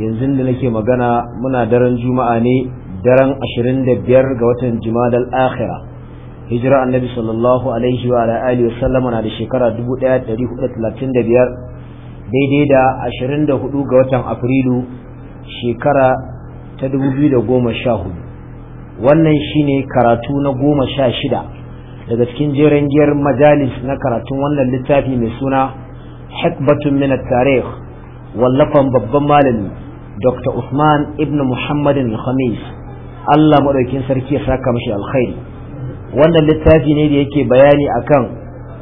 yanzu da nake magana muna daren juma'a ne daren 25 ga watan jumadal akhira hijira annabi sallallahu alaihi wa alihi wa sallama na da shekara 1435 daidai da 24 ga watan afrilu shekara ta 2014 wannan shine karatu na 16 daga cikin jeren giyar majalis na karatun wannan littafi mai suna hikbatun min at-tarikh wallafan babban malami Dr. Usman ibn Muhammadin Khamis Allah maɗaukin sarki ya saka mashi alkhairi wannan littafi ne da yake bayani akan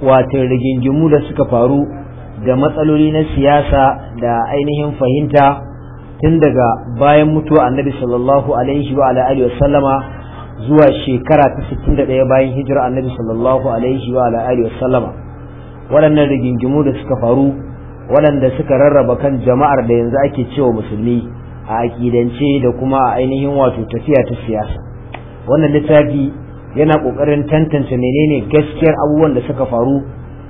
watan rigingimu da suka faru da matsaloli na siyasa da ainihin fahimta tun daga bayan mutuwa annabi sallallahu alaihi wa alihi wa zuwa shekara ta 61 bayan hijira annabi sallallahu alaihi wa alihi wa waɗannan rigingimu da suka faru waɗanda suka rarraba kan jama'ar da yanzu ake cewa musulmi a aƙidance da kuma a ainihin wato tafiya ta siyasa wannan littafi yana ƙoƙarin tantance menene gaskiyar abubuwan da suka faru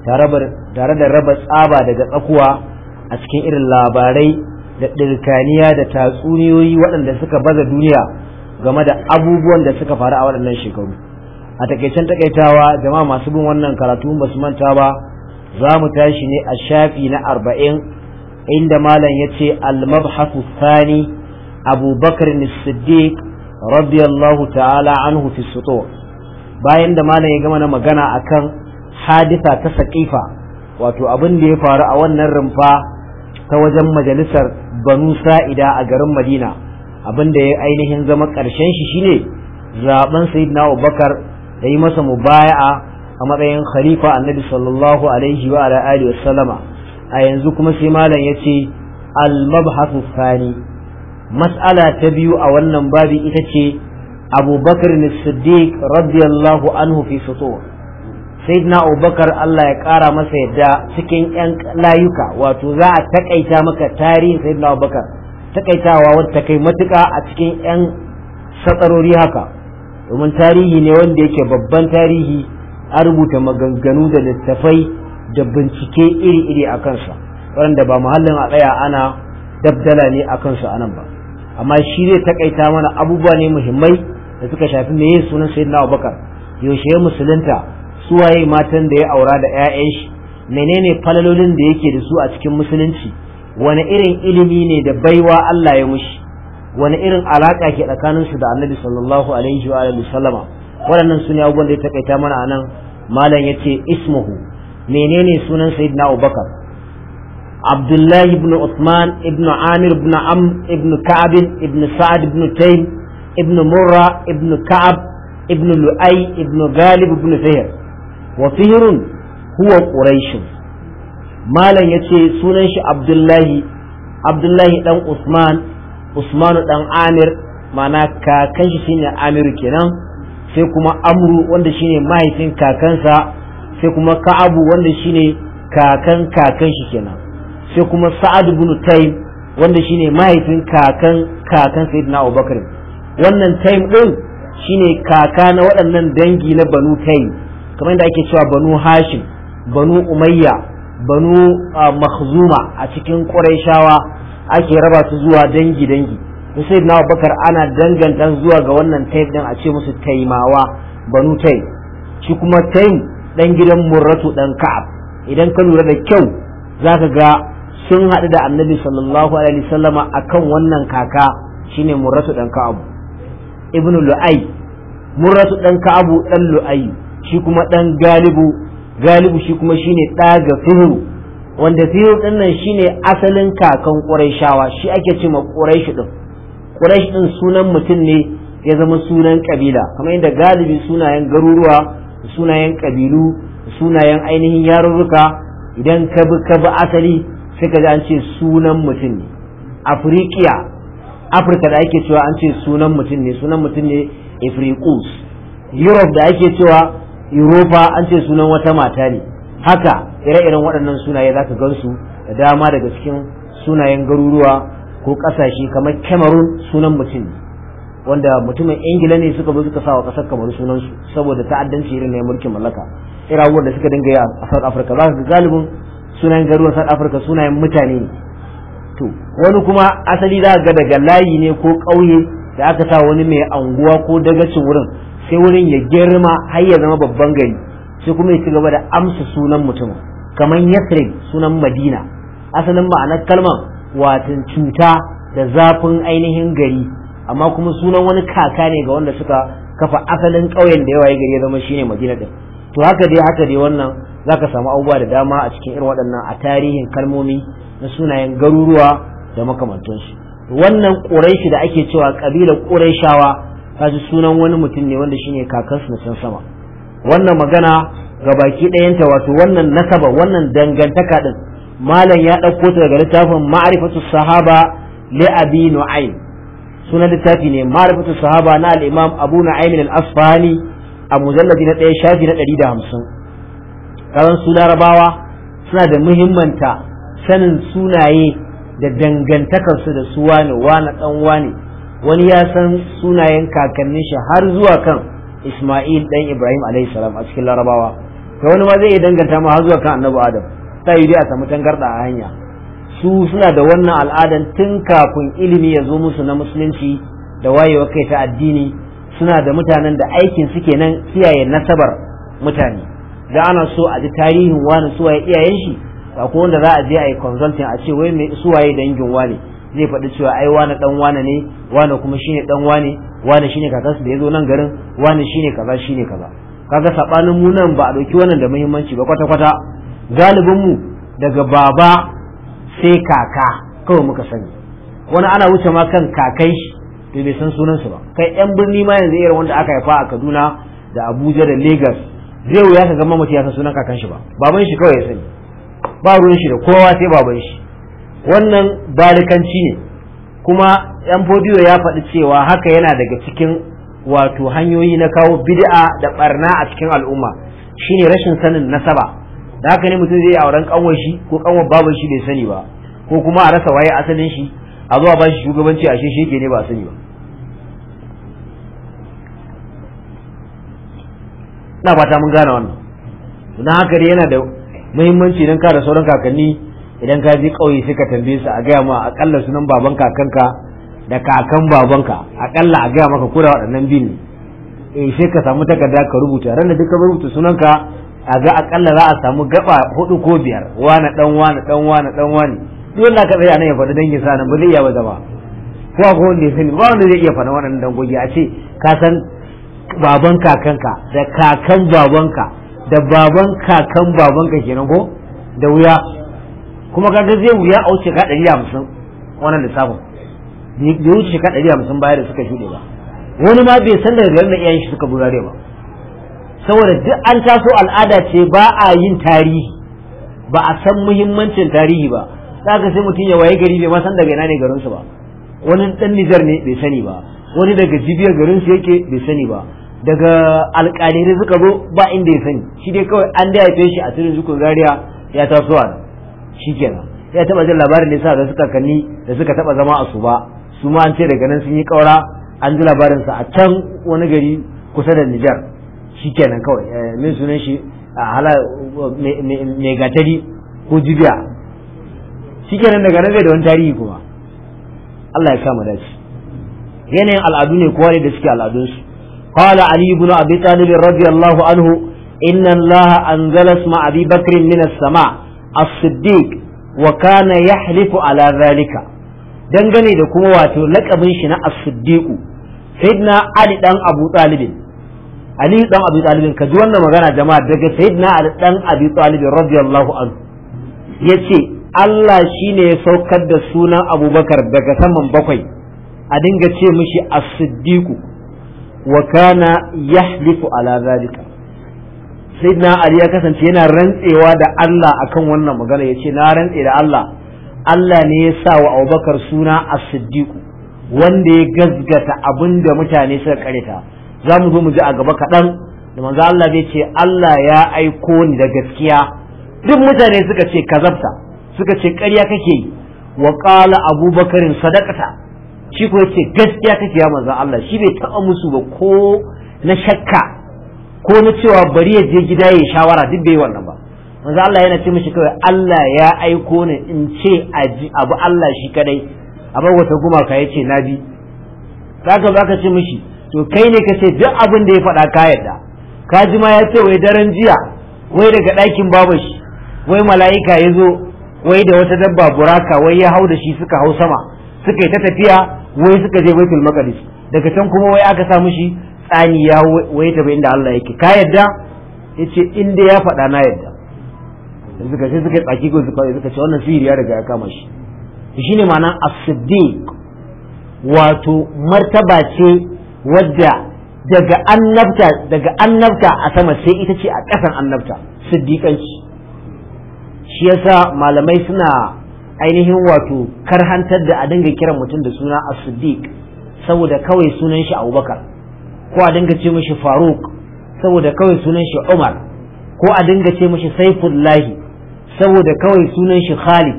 tare da raba tsaba daga tsakuwa a cikin irin labarai da ɗirkaniya da tatsuniyoyi waɗanda suka baza duniya game da abubuwan da suka faru a waɗannan shekaru a takaicen takaitawa jama'a masu bin wannan karatu ba su manta ba za mu tashi ne a shafi na arba'in inda malam ya ce almabhasu sani abubakar siddiq radiyallahu ta'ala anhu fi bayan da malam ya gama na magana akan hadisa ta saƙifa wato abin da ya faru a wannan rumfa ta wajen majalisar banu sa'ida a garin madina abin da ya ainihin zama ƙarshen shi shine zaben sayyidina abubakar da yi masa mubaya'a a matsayin khalifa annabi sallallahu alaihi wa ala alihi wasallama a yanzu kuma sai malam yace al mabhasu thani mas'ala ta biyu a wannan babi ita ce Abu Bakar Siddiq radiyallahu anhu fi sutur Sayyidina Abu Bakar Allah ya kara masa yadda cikin yan layuka wato za a takaita maka tarihin Sayyidina Abu Bakar takaitawa wadda kai matuka a cikin yan satsarori haka domin tarihi ne wanda yake babban tarihi a rubuta maganganu da littafai da bincike iri-iri a kansa waɗanda ba muhallin a tsaya ana dabdala ne a kansu a nan ba amma shi zai takaita mana abubuwa ne muhimmai da suka shafi me yin sunan sayyid na abubakar yaushe ya musulunta waye matan da ya aura da 'ya'yan shi menene falalolin da yake da su a cikin musulunci wani irin ilimi ne da baiwa Allah ya mushi wani irin alaƙa ke tsakaninsu da annabi sallallahu alaihi wa sallama waɗannan suna abubuwan da ya takaita mana a nan malam ya ce ismuhu menene sunan sayyidina abubakar abdullahi ibn usman ibn amir ibn am ibn ka'ab ibn sa'ad ibn tayyib ibn murra ibn ka'ab ibn lu'ay ibn galib ibn fihr wa fihrun huwa quraish malam yace sunan shi abdullahi abdullahi dan usman usman dan amir ma'ana kakan shi shine amiru kenan sai kuma amru wanda shine mahaifin kakansa sai kuma ka'abu wanda shine kakan kakan shi kenan sai kuma sa'ad ibn taym wanda shine mahaifin kakan kakan sayyidina abubakar wannan taym din shine kaka na waɗannan dangi na banu taym kamar da ake cewa banu hashim banu umayya banu ah, makhzuma a cikin qurayshawa ake raba su zuwa dangi dangi sai na bakar ana danganta zuwa ga wannan taim din a ce musu taimawa banu taim shi kuma taim dan gidan murratu dan ka'ab idan ka lura da kyau zaka ga sun haɗu da annabi sallallahu alaihi wasallama akan wannan kaka shine murratu dan ka'ab ibnu lu'ai murratu dan ka'abu dan lu'ai shi kuma dan galibu galibu shi kuma shine ɗa ga wanda fiyo ɗinnan shine asalin kakan quraishawa shi ake cewa ma ƙurayshu Quraysh din sunan mutum ne ya zama sunan kabila kamar inda galibi sunayen garuruwa sunayen kabilu sunayen ainihin yarurruka idan ka bi ka bi asali sai ka ji an ce sunan mutum ne afirikiya afirka da ake cewa an ce sunan mutum ne sunan mutum ne afrikus europe da ake cewa europa an ce sunan wata mata ne haka ire-iren waɗannan sunaye za ka gansu da dama daga cikin sunayen garuruwa ko kasashe kamar Cameroon sunan mutum wanda mutumin Ingila ne suka zo suka sawa kasar kamar sunan su saboda ta'addanci irin na mulkin mallaka irawar da suka dinga yi a South Africa za ga galibin sunan garuruwan South Africa sunayen mutane to wani kuma asali za ga daga layi ne ko ƙauye da aka sa wani mai anguwa ko dagacin wurin sai wurin ya girma har ya zama babban gari sai kuma ya ci gaba da amsa sunan mutum kamar Yathrib sunan Madina asalin ma'anar kalmar watan cuta da zafin ainihin gari amma kuma sunan wani kaka ne ga wanda suka kafa asalin ƙauyen da yawa ya gari ya zama shine madina din to haka dai haka dai wannan zaka samu abubuwa da dama a cikin irin waɗannan a tarihin kalmomi na sunayen garuruwa da makamantansu wannan ƙuraishi da ake cewa ƙabilar ƙuraishawa ta ji sunan wani mutum ne wanda shine kakansu na can sama wannan magana ga baki ɗayanta wato wannan nasaba wannan dangantaka ɗin malam ya ɗauko ta daga littafin ma'rifatu sahaba li abi nu'aym sunan littafi ne ma'rifatu sahaba na al-imam abu nu'aym al-asfahani a mujalladi na ɗaya shafi na 150 da hamsin karan su larabawa suna da muhimmanta sanin sunaye da dangantakarsu da su wane wani dan wani wani ya san sunayen kakannin shi har zuwa kan isma'il dan ibrahim alaihi salam a cikin larabawa ta wani ma zai iya danganta ma har zuwa kan annabi adam ta yi dai a samu tangarda a hanya su suna da wannan al'adan tun kafin ilimi ya zo musu na musulunci da wayewa kai ta addini suna da mutanen da aikin suke nan kiyaye nasabar mutane da ana so a ji tarihin wani suwaye iyayen shi ko wanda za a je a yi consulting a ce wai mai suwaye dangin wani zai faɗi cewa ai wane dan wane ne wane kuma shine dan wane wane shine su da ya nan garin wane shine kaza shine kaza kaga sabanin mu nan ba a ɗauki wannan da muhimmanci ba kwata kwata galibin mu daga baba sai kaka kawai muka sani wani ana wuce ma kan kakai da bai san sunansu ba kai yan birni ma yanzu irin wanda aka haifa a kaduna da abuja da lagos zai wuya ka gama mutum ya san sunan kakan shi ba baban shi kawai ya sani ba ruwan shi da kowa sai baban shi wannan balikanci ne kuma yan fodiyo ya faɗi cewa haka yana daga cikin wato hanyoyi na kawo bid'a da barna a cikin al'umma shine rashin sanin nasaba da haka ne mutum zai auren kanwar shi ko kanwar baban shi bai sani ba ko kuma a rasa waye asalin shi a zuwa ba shi shugabanci a shi ne ba sani ba na fata mun gane wannan don haka dai yana da muhimmanci don ka da sauran kakanni idan ka je ƙauye sai ka tambaye su a gaya ma akalla sunan baban kakanka da kakan babanka akalla a gaya maka kura waɗannan bin ne eh, sai ka samu takarda ka rubuta ranar duka rubuta sunanka a ga akalla za a samu gaba hudu ko biyar wani dan wani dan wani dan wani duk wanda ka tsaya nan ya faɗi dangin sa nan ba zai iya ba zama ko ko wanda ya sani ba wanda zai iya faɗa wannan dangogi a ce ka san baban kakanka da kakan babanka da baban kakan babanka kenan ko da wuya kuma kaga zai wuya a wuce ka ɗari hamsin wannan lissafin bai wuce ka ɗari hamsin bayan da suka shuɗe ba wani ma bai san daga garin da iyayen shi suka bulare ba saboda duk an taso al'ada ce ba a yin tarihi ba a san muhimmancin tarihi ba ka sai mutum ya waye gari bai ma san daga ina ne garinsu ba wani dan Nijar ne bai sani ba wani daga jibiyar garinsu yake bai sani ba daga alƙalai suka zo ba inda ya sani shi dai kawai an da haife shi a cikin zukun zaria ya taso a shi kenan ya taba jin labarin nisa sa da suka kanni da suka taba zama a su ba su ma an ce daga nan sun yi kaura an ji labarinsa a can wani gari kusa da Nijar shikenan kawai eh, min sunan shi a hala mai gatari ko jibiya shikenan daga nan bai da wani tarihi kuma Allah ya kama dace yanayin al'adu ne kowa ne da suke al'adunsu قال علي بن أبي anhu. Inna Allaha عنه إن الله أنزل اسم as بكر من السماء الصديق وكان يحلف ala zalika dangane da kuma wato lakabin shi na as-siddiq sayyidina ali dan abu talibin ali dan abi talib ka ji wannan magana jama'a daga sayyidina ali dan abi talib radiyallahu anhu yace Allah shine ya saukar da sunan Abubakar daga saman bakwai a dinga ce mishi as siddiq wa kana yahlifu ala zalika sayyidina ali ya kasance yana rantsewa da Allah akan wannan magana yace na rantse da Allah Allah ne ya sa wa Abubakar suna as siddiq wanda ya gazgata abinda mutane suka kareta za mu zo mu ji a gaba kaɗan da manzo Allah zai ce Allah ya aiko ni da gaskiya duk mutane suka ce kazabta suka ce ƙarya kake yi wa qala abubakarin sadaqata shi ko yace gaskiya kake ya manzo Allah shi bai taɓa musu ba ko na shakka ko na cewa bari ya je gida ya shawara duk bai wannan ba manzo Allah yana ce mishi kawai Allah ya aiko ni in ce aji abu Allah shi kadai a wata gumaka yace na bi zaka zaka ce mishi to kai ne ka ce duk abin da ya faɗa ka yadda ka ji ma ya ce wai daren jiya wai daga ɗakin babu shi wai mala'ika ya zo wai da wata dabba buraka wai ya hau da shi suka hau sama suka yi ta tafiya wai suka je baitul maqdis daga can kuma wai aka sa shi tsani ya wai ta inda Allah yake ka yadda yace inda ya faɗa na yadda suka sai suka tsaki ko suka suka ce wannan sihiri ya riga ya kama shi shine ma'ana as-siddiq wato martaba ce wadda daga annabta daga annabta a sama sai ita ce a ƙasan annabta siddiƙanci shi yasa malamai suna ainihin wato karhantar da a dinga kiran mutum da suna as-siddiq saboda kawai sunan shi abubakar ko a dinga ce mashi faruk saboda kawai sunan shi umar ko a dinga ce mishi saifullahi saboda kawai sunan shi khalid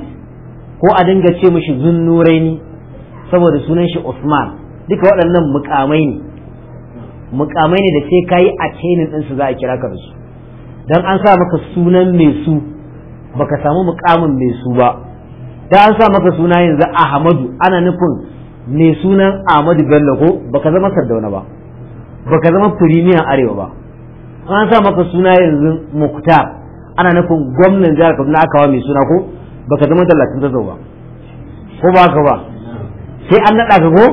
ko a dinga ce mishi zunnuraini saboda sunan shi usman duka waɗannan mukamai ne mukamai ne da sai kayi a kenin ɗinsu za a kira ka da su Don an sa maka sunan mai su baka samu mukamin mai su ba da an sa maka suna yanzu Ahmadu ana nufin mai sunan Ahmadu Bello ko baka zama Sardauna ba baka zama firimiyan Arewa ba an sa maka suna yanzu Muktar ana nufin gwamnan jihar Kaduna aka wa mai suna ko baka zama Dallatin Zazzau ba ko ba ka ba sai an naɗa ka ko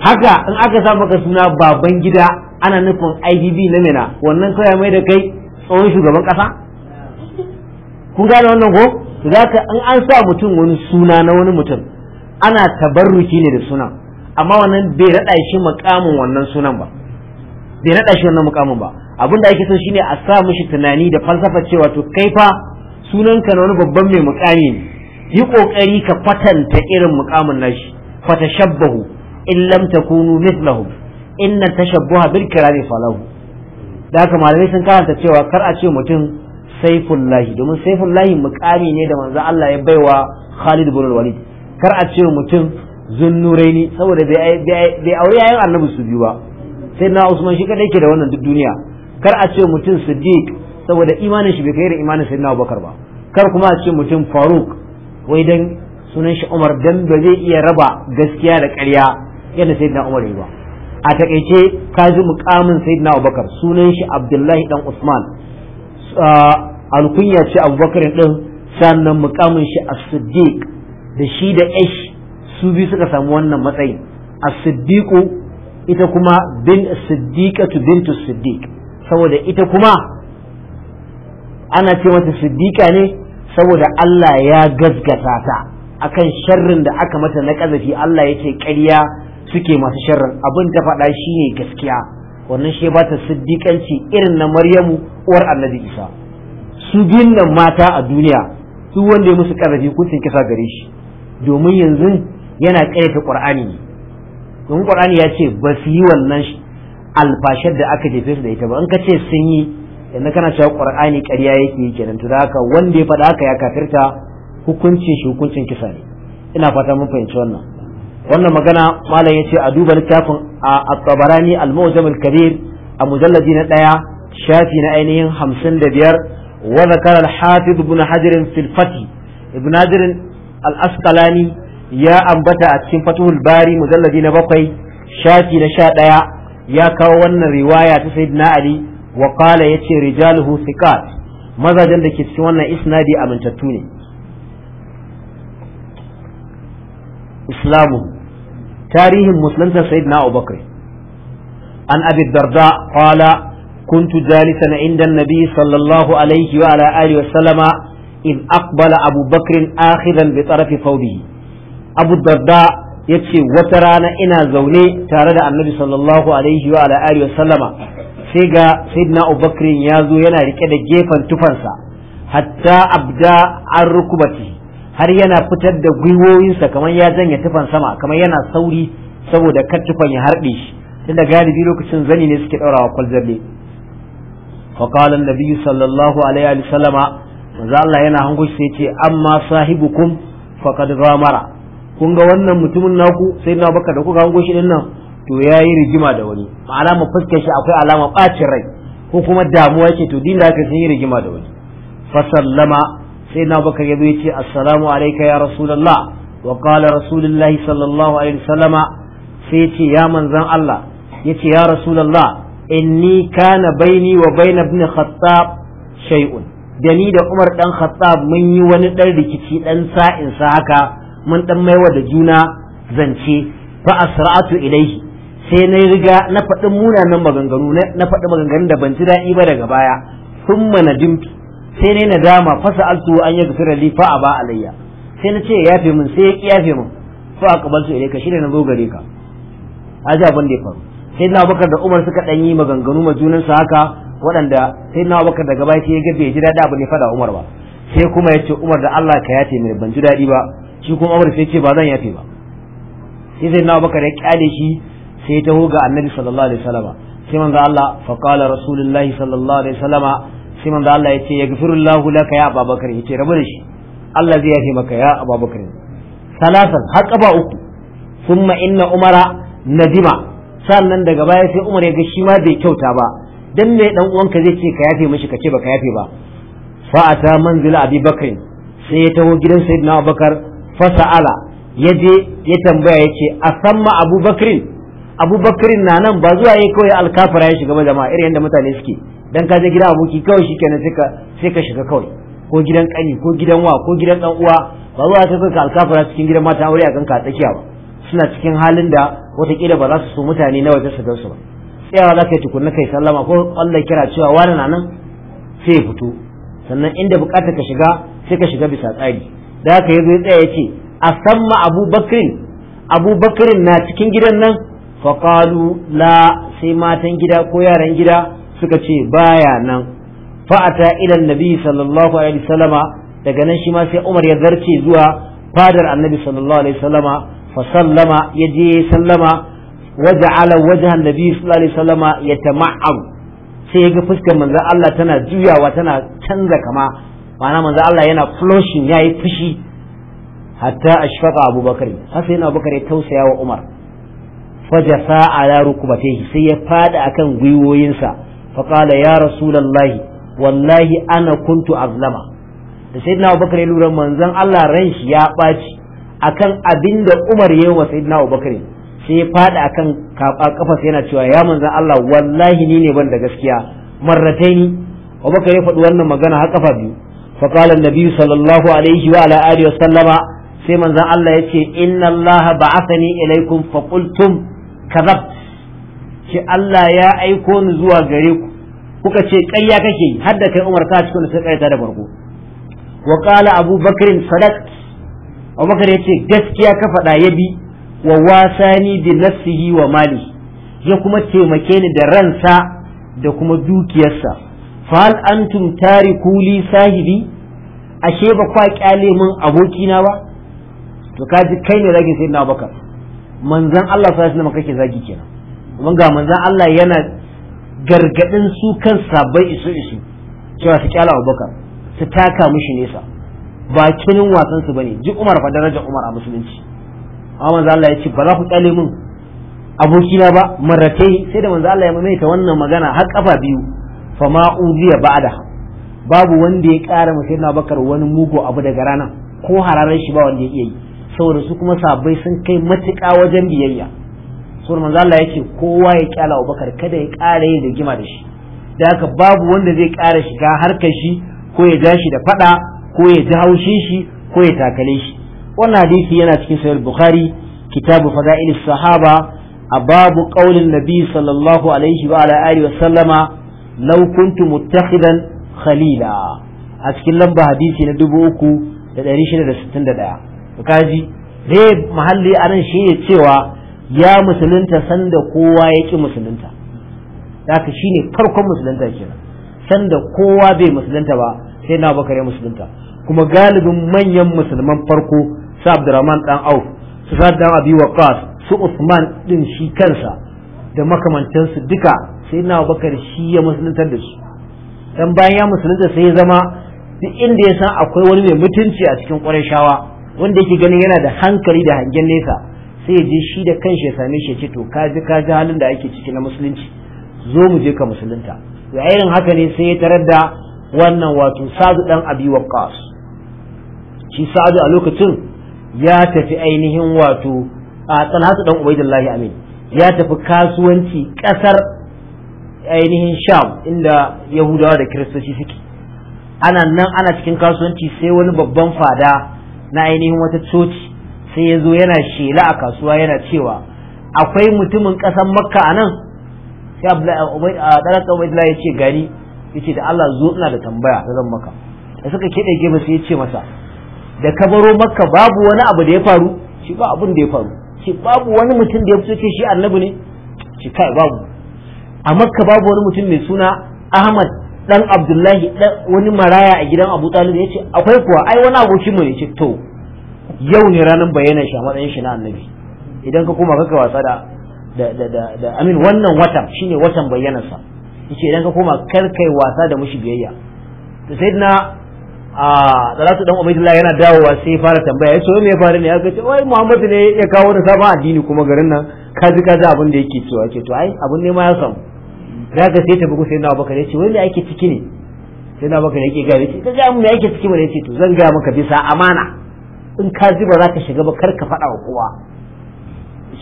haka in aka sa maka suna baban gida ana nufin IDB na mena wannan kawai mai da kai tsohon shugaban kasa kun gane wannan ko zaka in an sa mutum wani suna na wani mutum ana tabarruki ne da sunan amma wannan bai rada shi makamin wannan sunan ba bai rada shi wannan mukamin ba abinda ake so shine a sa mishi tunani da falsafa cewa to kai fa sunanka na wani babban mai mukami ne yi kokari ka kwatanta irin mukamin nashi fatashabbahu in lam takunu mithlahum inna tashabbuha bil kirami falahu da haka malamai sun karanta cewa kar a ce mutum saifullahi domin saifullahi mukami ne da manzo Allah ya baiwa Khalid ibn Walid kar a ce mutum zunnuraini saboda bai aure yayin annabi su biyu ba sai na Usman shi kadai ke da wannan duk duniya kar a ce mutum Siddiq saboda imanin shi bai kai da imanin Sayyidina Abubakar ba kar kuma a ce mutum Faruk wai dan sunan shi Umar dan ba zai iya raba gaskiya da ƙarya yadda na Umar ba a takaice ka ji mukamin na Abubakar sunan shi Abdullahi dan Usman alkunya ce Abubakar din sannan mukamin shi As-Siddiq da shi da Ish su biyu suka samu wannan matsayi As-Siddiqu ita kuma bin Siddiqatu bintu Siddiq saboda ita kuma ana ce mata Siddiqa ne saboda Allah ya gazgata ta akan sharrin da aka mata na kazafi Allah ya ce ƙarya suke masu sharran. abin ta faɗa shi ne gaskiya wannan shi ba ta siddiƙanci irin na maryamu uwar annabi isa su biyun mata a duniya su wanda ya musu ƙarfi kuncin kisa gare shi domin yanzu yana ƙayyata ƙur'ani ne domin ƙur'ani ya ce ba su yi wannan alfashar da aka jefe su da ita ba in ka ce sun yi yanzu kana cewa ƙur'ani ƙarya yake yi kenan to da haka wanda ya faɗa haka ya kafirta hukuncin shi hukuncin kisa ne ina fata mun fahimci wannan wannan magana malam yace a duba littafin a tabarani al al-kabir a mujalladi na daya shafi na ainihin hamsin wa zakara al-hafiz ibn hajar fil fatih ibn hajar al-asqalani ya ambata a cikin fatuhul bari mujalladi na bakwai shafi na sha daya ya kawo wannan riwaya ta sayyidina ali wa qala yace rijaluhu thiqat mazajen da ke cikin wannan isnadi amintattu ne islamu tarihin musulunta sayyidina abubakar an abi darda qala كنت جالسا عند النبي صلى الله عليه وعلى آله وسلم إذ أقبل أبو بكر آخذا بطرف ثوبه أبو الدرداء يتشي وترانا إنا زوني تارد النبي صلى الله عليه وعلى آله وسلم سيغا سيدنا أبو بكر يازو ينا لكذا جيفا تفنسا حتى أبدا عن ركبته har yana fitar da gwiwoyinsa kamar ya janye tufan sama kamar yana sauri saboda kar tufan ya harɗe shi tunda galibi lokacin zani ne suke ɗaurawa zalle wa qala an nabiyyu sallallahu alaihi wa sallama manzo Allah yana hango shi sai ce amma sahibukum faqad ghamara kun ga wannan mutumin naku sai na baka da kuka hango shi din nan to yayi rigima da wani ma'ana mu shi akwai alama bacin rai ko kuma damuwa ce to din da aka yi rigima da wani fa sallama sai na baka ya ce assalamu alaika ya rasulallah wa qala rasulullahi sallallahu alaihi sallama. sai ce ya manzan Allah yace ya rasulallah inni kana baini wa na ibn khattab shay'un da ni da Umar dan Khattab mun yi wani dan rikici dan sa'in sa haka mun dan maiwa da juna zance fa asra'atu ilaihi sai na riga na muna munanan maganganu na faɗi maganganun da ban ji daɗi ba daga baya sun mana dimfi sai ne na dama fasa altu an yi gafira li fa ba alayya sai na ce ya yafe min sai ya ki yafe min fa aqbaltu ka shine na zo gare ka aji abin da ya faru sai na bakar da umar suka ɗan yi maganganu ma junan su haka waɗanda sai na bakar da gaba sai ya ga bai ji daɗi abu ne fada umar ba sai kuma ya ce umar da Allah ka ya mini ban ji daɗi ba shi kuma umar sai ce ba zan yafe ba sai sai na bakar ya kyale shi sai ya taho ga annabi sallallahu alaihi wasallam sai manzo Allah fa qala rasulullahi sallallahu alaihi wasallama sai manzo Allah ya ce yaghfirullahu laka ya Abubakar yace rabu da shi Allah zai yafe maka ya Abubakar salasan har ba uku thumma inna umara nadima sannan daga baya sai Umar ya ga shi ma bai kyauta ba dan me dan uwanka zai ce ka yafe mishi kace ce baka yafe ba fa ata manzila Abi sai ya taho gidan Sayyidina Abubakar fa sa'ala ya je ya tambaya ya ce a samma Abu Abu na nan ba zuwa yake kawai alkafara ya shiga jama'a irin yadda mutane suke dan ka je gidan aboki kawai shikenan sai ka sai ka shiga kawai ko gidan kani ko gidan wa ko gidan dan uwa ba zuwa ta kanka alkafara cikin gidan mata aure a ganka a tsakiya ba suna cikin halin da watakila ba za su so mutane na waje su gansu ba tsayawa za ka yi tukunna kai sallama ko Allah kira cewa wani na nan sai ya fito sannan inda bukatar ka shiga sai ka shiga bisa tsari da haka yazo ya tsaya ya ce Abu Bakrin Abu Bakrin na cikin gidan nan faqalu la sai matan gida ko yaran gida suka ce baya nan fa'ata ila nabi sallallahu alaihi wasallama daga nan shi ma sai Umar ya zarce zuwa fadar annabi sallallahu alaihi wasallama fa sallama ya je sallama waja'ala wajhan nabi sallallahu alaihi wasallama yatama'am sai ya ga fuskar manzon Allah tana juyawa tana canza kama ma'ana manzon Allah yana flushing yayi fushi hatta ashfaqa abubakar har sai abubakar ya tausaya wa Umar fajasa ala rukubatayhi sai ya fada akan gwiwoyinsa فقال يا رسول الله والله kuntu كنت أظلم da sayyidina Abubakar ya lura manzon Allah ran shi ya ɓaci akan abin da Umar ya yi wa sayyidina Abubakar sai ya faɗi akan kafasa yana cewa ya manzon Allah wallahi ni ne ban da gaskiya marrataini Abubakar ya faɗi wannan magana har kafa biyu fa qala an sallallahu alaihi wa ala alihi wa sallama sai manzon Allah ya ce inna Allah ba'athani ilaikum fa qultum kadhabt shi Allah ya aiko ni zuwa gare ku kuka ce ƙarya kake yi har da kai Umar ka cikin sai ƙarya da barko wa qala Abu Bakr sadaq Abu Bakr yace gaskiya ka faɗa ya bi wa wasani bi nafsihi wa mali ya kuma taimake ni da ransa da kuma dukiyarsa fa hal antum tarikuli sahibi ashe ba kwa kyale min abokina ba to kaji kai ne zagin sayyidina Abubakar manzon Allah sallallahu alaihi wasallam kake zagi kenan kuma ga manzon Allah yana gargadin su kan sabai isu isu cewa su kyala abubakar su taka mishi nesa ba kinin wasan su bane ji umar fa darajar umar a musulunci amma manzo Allah ya ce ba za ku kyale min abokina ba marratai sai da manzo Allah ya mamaita wannan magana har kafa biyu fa ma uziya ba'da babu wanda ya kara mu sayyidina bakar wani mugu abu daga rana ko hararar shi ba wanda ya iya yi saboda su kuma sabai sun kai matuƙa wajen biyayya sun manzo Allah ya ce kowa ya kyala Abubakar kada ya ƙara yin rigima da shi da haka babu wanda zai ƙara shiga harkar shi ko ya ja shi da fada ko ya ji haushin shi ko ya takale shi wannan hadisi yana cikin sahih bukhari kitabu fada'il sahaba a babu qaulin nabi sallallahu alaihi wa ala wa sallama law kuntu khalila a cikin lamba hadisi na 3661 kaji dai mahalli nan shine cewa ya musulunta sanda kowa ya ƙi musulunta haka shine farkon musulunta kenan sanda kowa bai musulunta ba sai na bakar ya musulunta kuma galibin manyan musulman farko su abdurrahman dan auf su sa'ad dan abi waqas su usman din shi kansa da makamantansu duka sai na bakar shi ya musulunta da su dan bayan ya musulunta sai ya zama duk inda ya san akwai wani mai mutunci a cikin ƙwarai shawa wanda yake ganin yana da hankali da hangen nesa sai ya je shi da kanshi ya same shi ya ce to ka ji ka ji halin da ake ciki na musulunci zo mu je ka musulunta to irin haka ne sai ya tarar da wannan wato sa'adu dan abi waqas shi sa'adu a lokacin ya tafi ainihin wato a talhatu dan ubaidillahi amin ya tafi kasuwanci kasar ainihin sham inda yahudawa da kiristoci suke ana nan ana cikin kasuwanci sai wani babban fada na ainihin wata coci sai ya zo yana shela a kasuwa yana cewa akwai mutumin ƙasar makka a nan sai ɗarar ubaidullah ya ce gani ya ce da allah zo ina da tambaya ta zan maka da suka keɗe gefe sai ya ce masa da ka baro makka babu wani abu da ya faru shi ba abun da ya faru shi babu wani mutum da ya fito ce shi annabi ne shi kai babu a makka babu wani mutum mai suna ahmad dan abdullahi wani maraya a gidan abu talib ya ce akwai kuwa ai wani abokin mu ne ce to yau ne ranar bayanan shi a matsayin shi na annabi idan ka koma kaka wasa da da amin wannan watan shine watan bayyanarsa yace idan ka koma karkai kai wasa da mushi biyayya to na a salatu dan ubaydullah yana dawowa sai fara tambaya yace wai me ya faru ne yace ce wai muhammadu ne ya kawo da sabon addini kuma garin nan ka ji abin da yake cewa yace to ai abun ne ma ya samu daga ka ta bugu sai na abubakar yace wai me ake ciki ne na abubakar yake ga yace ka ga mu me ake ciki ne yace to zan ga maka bisa amana in ka ji ba za ka shiga ba kar ka faɗa wa kowa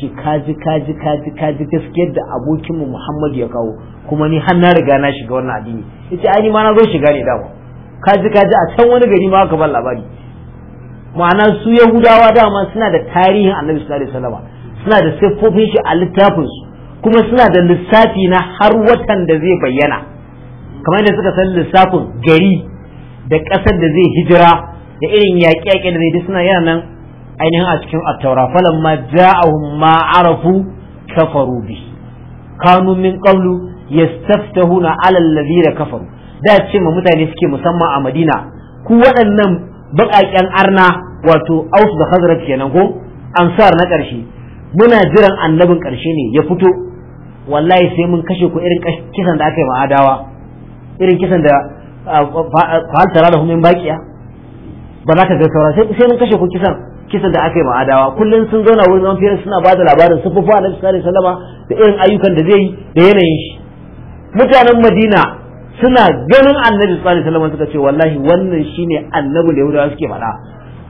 shi ka ji ka ji ka ji ka ji gaskiyar da abokinmu Muhammad ya kawo kuma ni har na riga na shiga wannan addini yace ai ni ma na zo shiga ne dama ka ji ka ji a can wani gari ma aka ban labari ma'ana su Yahudawa dama suna da tarihin Annabi sallallahu alaihi wasallam suna da siffofin shi a littafin su kuma suna da lissafi na har watan da zai bayyana kamar yadda suka san lissafin gari da ƙasar da zai hijira da irin yaƙe-yaƙe da zai suna yana nan ainihin a cikin attaura falon ma ja'ahum ma arafu kafaru bi kanu min qablu huna alallazi da kafaru da ce ma mutane suke musamman a Madina ku waɗannan baƙaƙen arna wato Aus da Hazrat kenan ko ansar na ƙarshe muna jiran annabin ƙarshe ne ya fito wallahi sai mun kashe ku irin kisan da aka yi ma'adawa irin kisan da ah, fa'altara da humin baƙiya ba za ka ga sauran sai sai mun kashe ku kisan kisan da aka yi ma'adawa kullum sun zauna wurin zaman firar suna ba da labarin sufufu a nabi sallallahu sallama da irin ayyukan da zai yi da yanayin shi mutanen madina suna ganin annabi sallallahu wasallam suka ce wallahi wannan shine annabi da yahudawa suke faɗa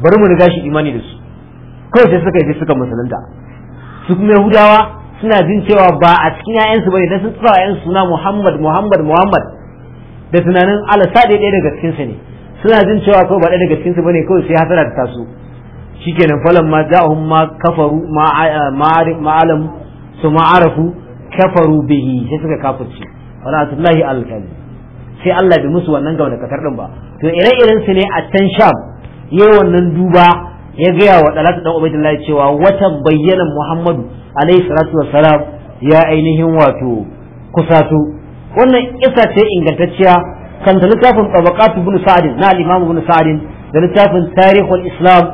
bari mu riga shi imani da su kawai sai suka yi suka musulunta su kuma yahudawa suna jin cewa ba a cikin 'ya'yansu bane da sun tsara 'ya'yansu suna muhammad muhammad muhammad da tunanin Allah alasa ɗaya daga cikin cikinsa ne suna jin cewa kawai ba ɗaya daga cikinsu bane kawai sai hasara ta taso shikenan falan ma ja'ahum ma kafaru ma eh, alam su ma'arafu kafaru bihi sai suka kafirce wallahi alkalim sai Allah bi musu wannan gauna katar din ba to ire-iren su ne a can sham yayi wannan duba ya gaya wa dalatu dan ubaidillah cewa wata bayyana muhammadu alaihi salatu wassalam ya ainihin wato kusato wannan isa ce ingantacciya kan da littafin tabaqat ibn sa'd na al-imam ibn da littafin tarihul islam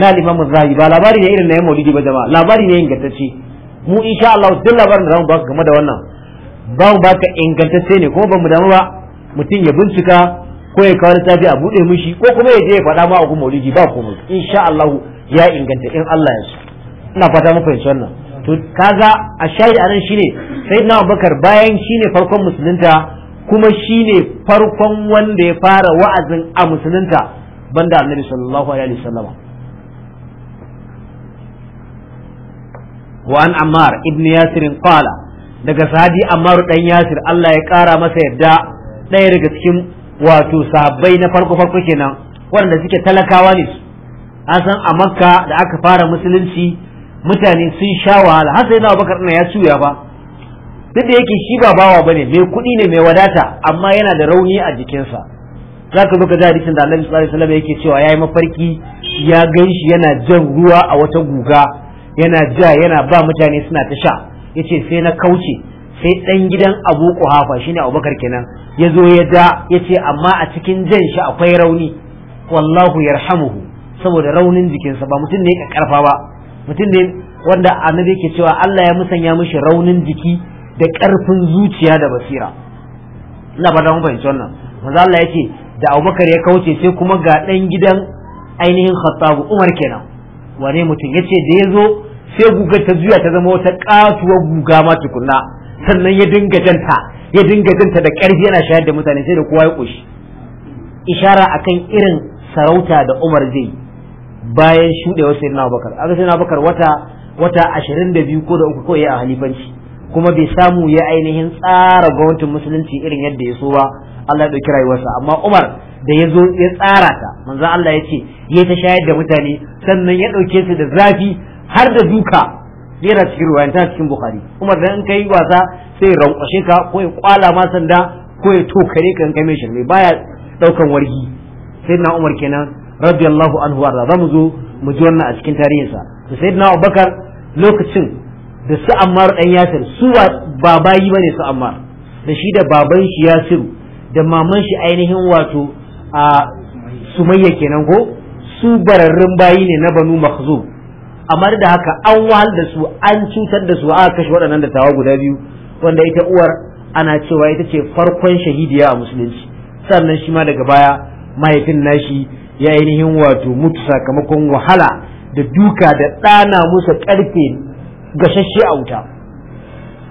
na al-imam ba labari ne irin na yan maulidi ba jama'a labari ne ingantacce mu insha Allah duk labarin da zamu baka game da wannan ba mu baka ingantacce ne kuma ba mu ba mutum ya bincika ko ya kawo littafi a buɗe mishi ko kuma ya je ya faɗa ma a maulidi ba komai insha Allah ya inganta in Allah ya so ina fata mu fahimci wannan to kaga a shahid anan shine sayyidina Abubakar bayan shine farkon musulunta kuma shi ne farkon wanda ya fara wa'azin a musulunta banda annabi sallallahu alaihi wasallam wa an ammar ibn Yasirin kwala daga sahabi ammar dan yasir Allah ya kara masa yadda ɗaya daga cikin wato sahabbai na farko farko kenan waɗanda suke talakawa ne an san a makka da aka fara musulunci mutane sun sha wahala har sai na abubakar ya cuya ba duk da yake shi ba bawa bane mai kuɗi ne mai wadata amma yana da rauni a jikinsa za ka zo ka jari da Allah sallallahu alaihi wasallam yake cewa yayi mafarki ya ganshi yana jan ruwa a wata guga yana ja yana ba mutane suna ta sha yace sai na kauce sai dan gidan Abu Quhafa shine Abubakar kenan ya zo ya da yace amma a cikin jan shi akwai rauni wallahu yarhamuhu saboda raunin jikinsa ba mutum ne ya karfa ba mutum ne wanda annabi yake cewa Allah ya musanya mishi raunin jiki da ƙarfin zuciya da basira ina ba mun fahimci wannan maza Allah yake da Abubakar ya kauce sai kuma ga dan gidan ainihin Khattab Umar kenan wane mutum yace da ya zo sai gugar ta zuya ta zama wata katuwar guga ma tukunna sannan ya dinga janta ya dinga janta da ƙarfi yana shayar da mutane sai da kowa ya koshi ishara akan irin sarauta da Umar zai bayan shuɗewar na Abubakar aka na Abubakar wata wata 22 ko da uku ko ya a halifanci kuma bai samu ya ainihin tsara gwamnatin musulunci irin yadda ya so ba Allah ya ɗauki rayuwarsa amma Umar da ya zo ya tsara ta manzo Allah ya ce ya ta shayar da mutane sannan ya ɗauke su da zafi har da duka yana cikin ruwa ta cikin Bukhari Umar da in kai wasa sai rankwashe ka ko ya kwala ma sanda ko ya kare ka in kai mai baya daukan wargi sayyidina Umar kenan radiyallahu anhu warda zamu zo mu ji wannan a cikin tarihinsa to sayyidina Abubakar lokacin da su ammar dan yasir su ba bayi bane su ammar da shi da baban shi yasiru da maman shi ainihin wato a sumayya kenan ko su bararrun bayi ne na banu makhzum amma da haka an wahal da su an cutar da su aka kashe waɗannan da tawa guda biyu wanda ita uwar ana cewa ita ce farkon shahidiya a musulunci sannan shi ma daga baya mahaifin nashi ya ainihin wato mutu sakamakon wahala da duka da ɗana musa karfe gashashe a wuta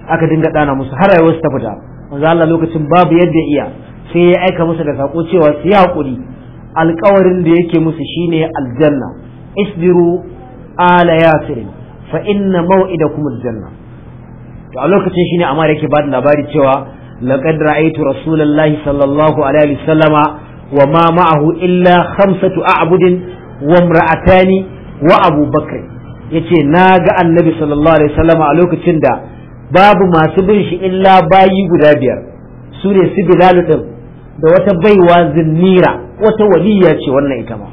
aka dinga dana musu har rayuwar ta fita manzo Allah lokacin babu yadda iya sai ya aika musu da sako cewa su yi hakuri alƙawarin da yake musu shine aljanna isbiru ala yasirin fa inna maw'idakum aljanna to a lokacin shine amma yake ba da labari cewa laqad ra'aytu rasulullahi sallallahu alaihi wasallama wa ma ma'ahu illa khamsatu a'budin wa imra'atani wa abu bakr yace na ga annabi sallallahu alaihi wasallam a lokacin da babu masu bin shi illa bayi guda biyar su ne su bilalu din da wata baiwa zinnira wata waliyya ce wannan ita ma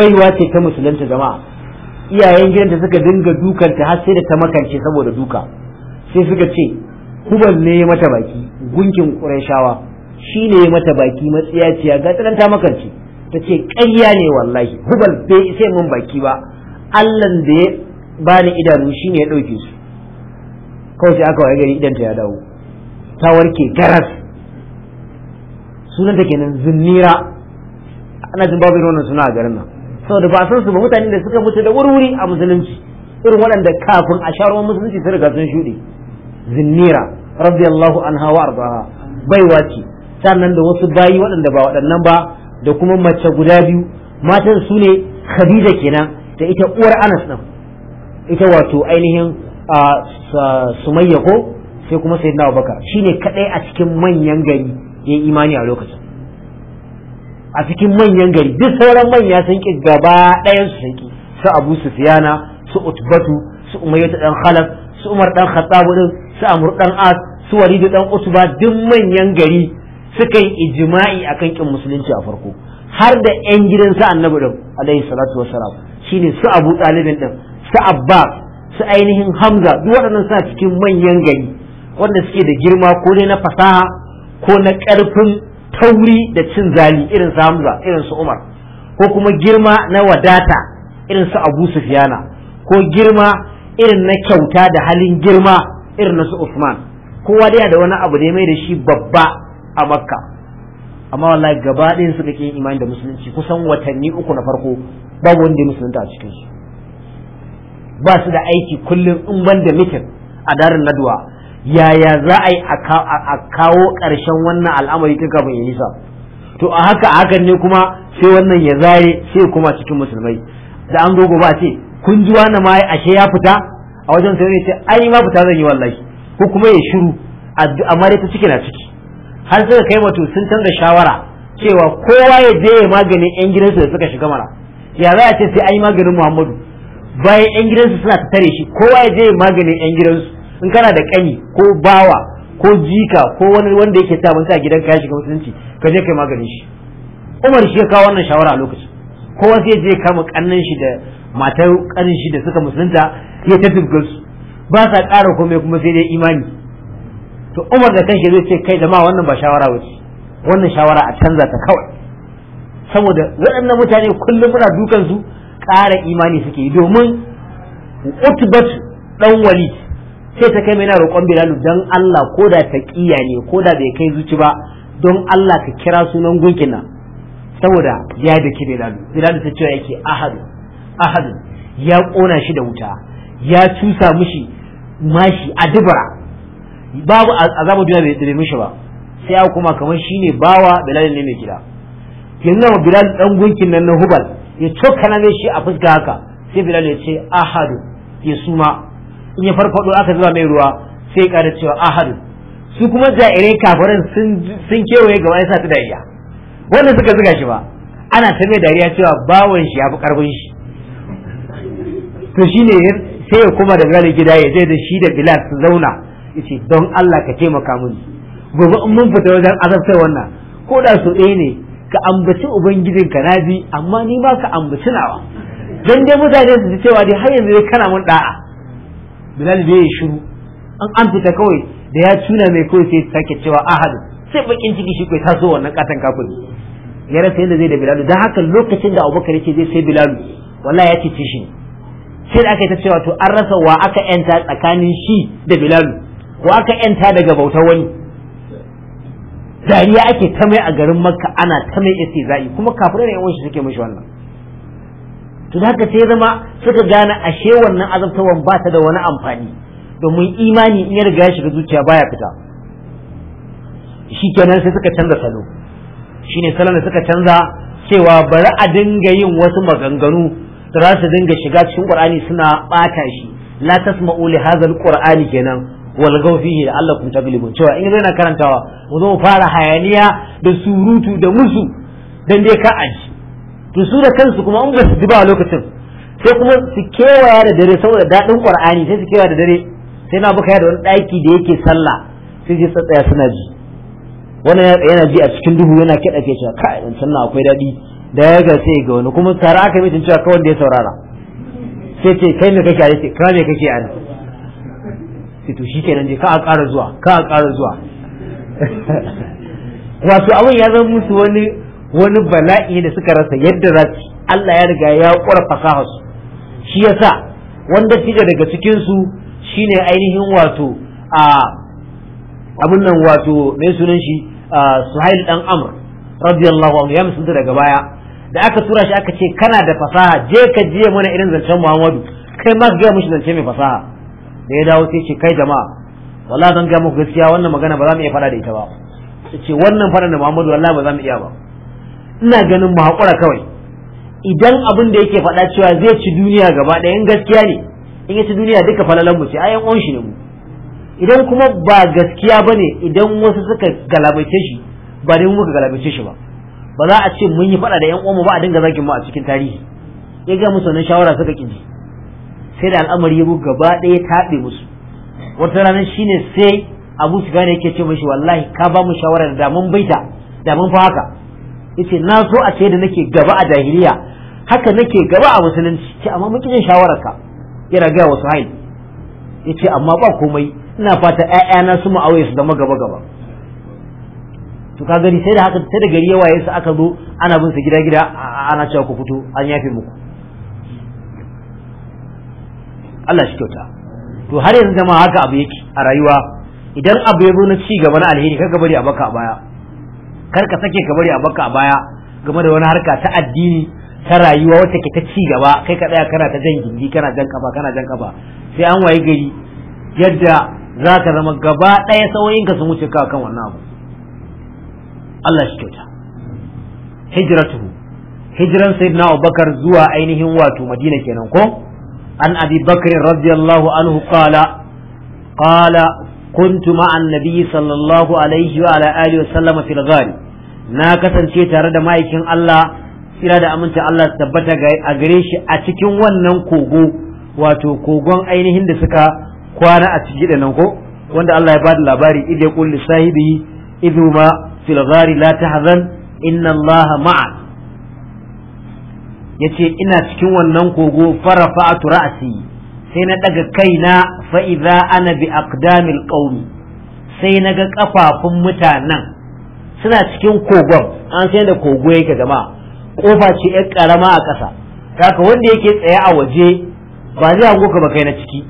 baiwa ce ta musulunta jama'a iyayen gidanta suka dinga dukanta har sai da ta makance saboda duka sai suka ce hubal ne ya mata baki gunkin ƙurashawa shi ne ya mata baki matsiyaciya ga ta makance ta ce ƙarya ne wallahi hubal bai sai mun baki ba allan da ya bani idanu shi ne ya ɗauke su kawai sai aka waye gari idanta ya dawo ta warke garas sunanta kenan zinnira ana jin babu wannan suna a garin nan saboda ba san su ba mutane da suka mutu da wuri-wuri a musulunci irin waɗanda kafin a sharo musulunci sun riga sun shuɗe zinnira radiyallahu anha wa ardaha baiwa ce sannan da wasu bayi waɗanda ba waɗannan ba da kuma mace guda biyu matan su ne khadija kenan da ita uwar anas nan ita wato ainihin sumayya ko sai kuma sai na abubakar shine kadai a cikin manyan gari ya imani a lokacin a cikin manyan gari duk sauran manya sun ki gaba ɗayan su sun ki su abu sufiyana su utbatu su umayyatu dan khalaf su umar dan khattab din su amr dan as su walidu dan utba duk manyan gari suka yi ijma'i akan kin musulunci a farko har da yan gidan sa annabi din alaihi salatu wassalam shine su abu ɗalibin ɗin su abba su ainihin hamza duk waɗannan suna cikin manyan gari wanda suke da girma ko dai na fasaha ko na ƙarfin tauri da cin zali irin su hamza irin su umar ko kuma girma na wadata irin su abu sufiyana ko girma irin na kyauta da halin girma irin na su usman kowa da wani abu ne mai da shi babba a makka amma wallahi gaba ɗayan suka ƙi imani da musulunci kusan watanni uku na farko babu wanda ya musulunta a cikin su ba su da aiki kullum in ban da mitin a darin naduwa yaya za a yi a kawo ƙarshen wannan al'amari tun kafin ya nisa to a haka a hakan ne kuma sai wannan ya zaye sai kuma cikin musulmai da an gobe a ce kun ji wani ma ashe ya fita a wajen sai ne ce ai ma fita zan yi wallahi ko kuma ya shiru amma dai ta ciki na ciki har suka kai mutu sun canza shawara cewa kowa ya je ya maganin yan gidansu da suka shiga mara ya za a ce sai an yi maganin muhammadu bayan yan gidansu suna ta tare shi kowa ya je ya maganin yan gidansu in kana da kani ko bawa ko jika ko wani wanda yake sa mun sa gidan ka shiga musulunci ka je kai maganin shi umar shi ya kawo wannan shawara a lokacin kowa sai ya je kama kannan shi da matar kanin shi da suka musulunta ya tafi dubgar ba sa ƙara komai kuma sai dai imani to umar da kanshi zai ce kai da ma wannan ba shawara wuce wannan shawara a canza ta kawai saboda waɗannan mutane kullum muna dukan su ƙara imani suke domin utbat dan wali sai ta kai mai na roƙon bilalu don Allah ko da ta kiya ne ko da bai kai zuci ba don Allah ka kira sunan gunkin nan saboda ya da ki bilalu bilal ta cewa yake ahadu ahadu ya ƙona shi da wuta ya cusa mushi mashi a dubara babu azabu duniya bai dare mishi ba sai aka kuma kamar shine bawa bilal ne mai gida kinna bilal dan gunkin nan na hubal ya na mai shi a fuska haka sai bilal ya ce ahadu ya suma in ya farfado aka zuba mai ruwa sai ya cewa ahadu su kuma jairai kafirin sun kewaye gaba ya sa ta dariya wanda suka zuga shi ba ana ta mai dariya cewa bawan shi ya fi karfin shi to shine sai ya kuma da bilal gida ya je da shi da bilal su zauna yace don Allah ka taimaka mini gobe in mun fita wajen azabtar wannan ko da so ɗaya ne ka ambaci ubangijin ka nabi amma ni ba ka ambaci nawa dan dai mutane su ji cewa dai har yanzu dai kana mun da'a bilal bai yi shiru an an fita kawai da ya tuna mai kawai sai sake cewa ahadu sai bakin ciki shi kai taso wannan katan kafin ya rasa yadda zai da bilal dan haka lokacin da abubakar yake zai sai bilal wallahi ya ce shi sai da aka yi ta cewa to an rasa wa aka yanta tsakanin shi da bilal ko aka yanta daga bauta wani dariya ake ta mai a garin makka ana ta mai istizai kuma kafirai da yawan suke mishi wannan to da haka sai zama suka gane ashe wannan azabtawan ba ta da wani amfani domin imani in ya riga ya shiga zuciya baya fita Shi kenan sai suka canza salo shine salon da suka canza cewa bari a dinga yin wasu maganganu da za su dinga shiga cikin ƙur'ani suna ɓata shi la tasma'u li hadha al-qur'ani kenan walgau fihi la'allakum taglibun cewa in na karantawa mu zo mu fara hayaniya da surutu da musu dan dai ka aji to su da kansu kuma an ba su ji ba lokacin sai kuma su kewaya da dare saboda dadin qur'ani sai su kewaya da dare sai na buka da wani daki da yake sallah sai su tsaya suna ji wannan yana ji a cikin duhu yana kiɗa ke cewa kai sannan akwai daɗi da ya ga sai ga wani kuma tare aka yi mutum cewa kawai da ya saurara sai ce kai me kake a yake kai me kake a yake sai to kenan je ka a ƙara zuwa ka a ƙara zuwa wato abin ya zama musu wani wani bala'i da suka rasa yadda za su Allah ya riga ya ƙura fasahar su shi yasa wanda tija daga cikin su shine ainihin wato a abin nan wato mai sunan shi Suhail dan Amr radiyallahu anhu ya musulunta daga baya da aka tura shi aka ce kana da fasaha je ka je mana irin zancen Muhammadu kai ma ga mushi zance mai fasaha da ya dawo sai ce kai jama'a wallahi zan ga muku gaskiya wannan magana ba za mu iya faɗa da ita ba ce wannan faɗa da Muhammadu wallahi ba za mu iya ba ina ganin mu hakura kawai idan abin da yake fada cewa zai ci duniya gaba ɗaya in gaskiya ne in ya ci duniya duka falalan mu ce ayan on shi ne mu idan kuma ba gaskiya bane idan wasu suka galabaice shi ba dai muka galabaice shi ba ba za a ce mun yi faɗa da yan mu ba a dinga zagin mu a cikin tarihi ya ga musu wannan shawara suka ƙi sai da al'amari ya gaba ɗaya taɓe musu wata ranar shine sai abu su gane yake ce mashi wallahi ka ba mu shawarar da mun baita da mun fa haka yace na so a ce da nake gaba a jahiliya haka nake gaba a musulunci ce amma mun kijin shawarar ka yana ga wasu hain yace amma ba komai ina fata ƴaƴana su mu aure su zama gaba gaba to ka gari sai da haka sai da gari ya waye su aka zo ana bin su gida gida ana cewa ku fito an yafe muku Allah shi kyauta to har yanzu jama'a haka abu yake a rayuwa idan abu ya zo na ci gaba na alheri kar ka bari a baka a baya kar ka sake ka bari a baka a baya game da wani harka ta addini ta rayuwa wacce ke ta ci gaba kai ka tsaya kana ta jan gindi kana jan kafa kana jan kafa sai an waye gari yadda za ka zama gaba ɗaya sauyinka sun wuce ka kan wannan abu Allah shi kyauta hijratu hijran sayyidina Abubakar zuwa ainihin wato Madina kenan ko عن أبي بكر رضي الله عنه قال قال كنت مع النبي صلى الله عليه وعلى آله وسلم في الغار ناكسا شيتا رد مايكين الله إلا دا أمنت الله تبتا أغريش أتكين ونن كوغو واتو كوغون أينهن دسكا كوانا أتجد ننكو وند الله يباد لاباري إذ يقول لصاحبه إذ ما في الغار لا تحزن إن الله معك Ya ce ina cikin wannan kogo farafa'atu turasi sai na daga kaina fa idza ana bi aqdamil qawmi sai naga kafafun mutanen suna cikin kogon an sai da kogo yake gama kofa ce yar karama a ƙasa kaka wanda yake tsaye a waje ba zai hango ka ba kai na ciki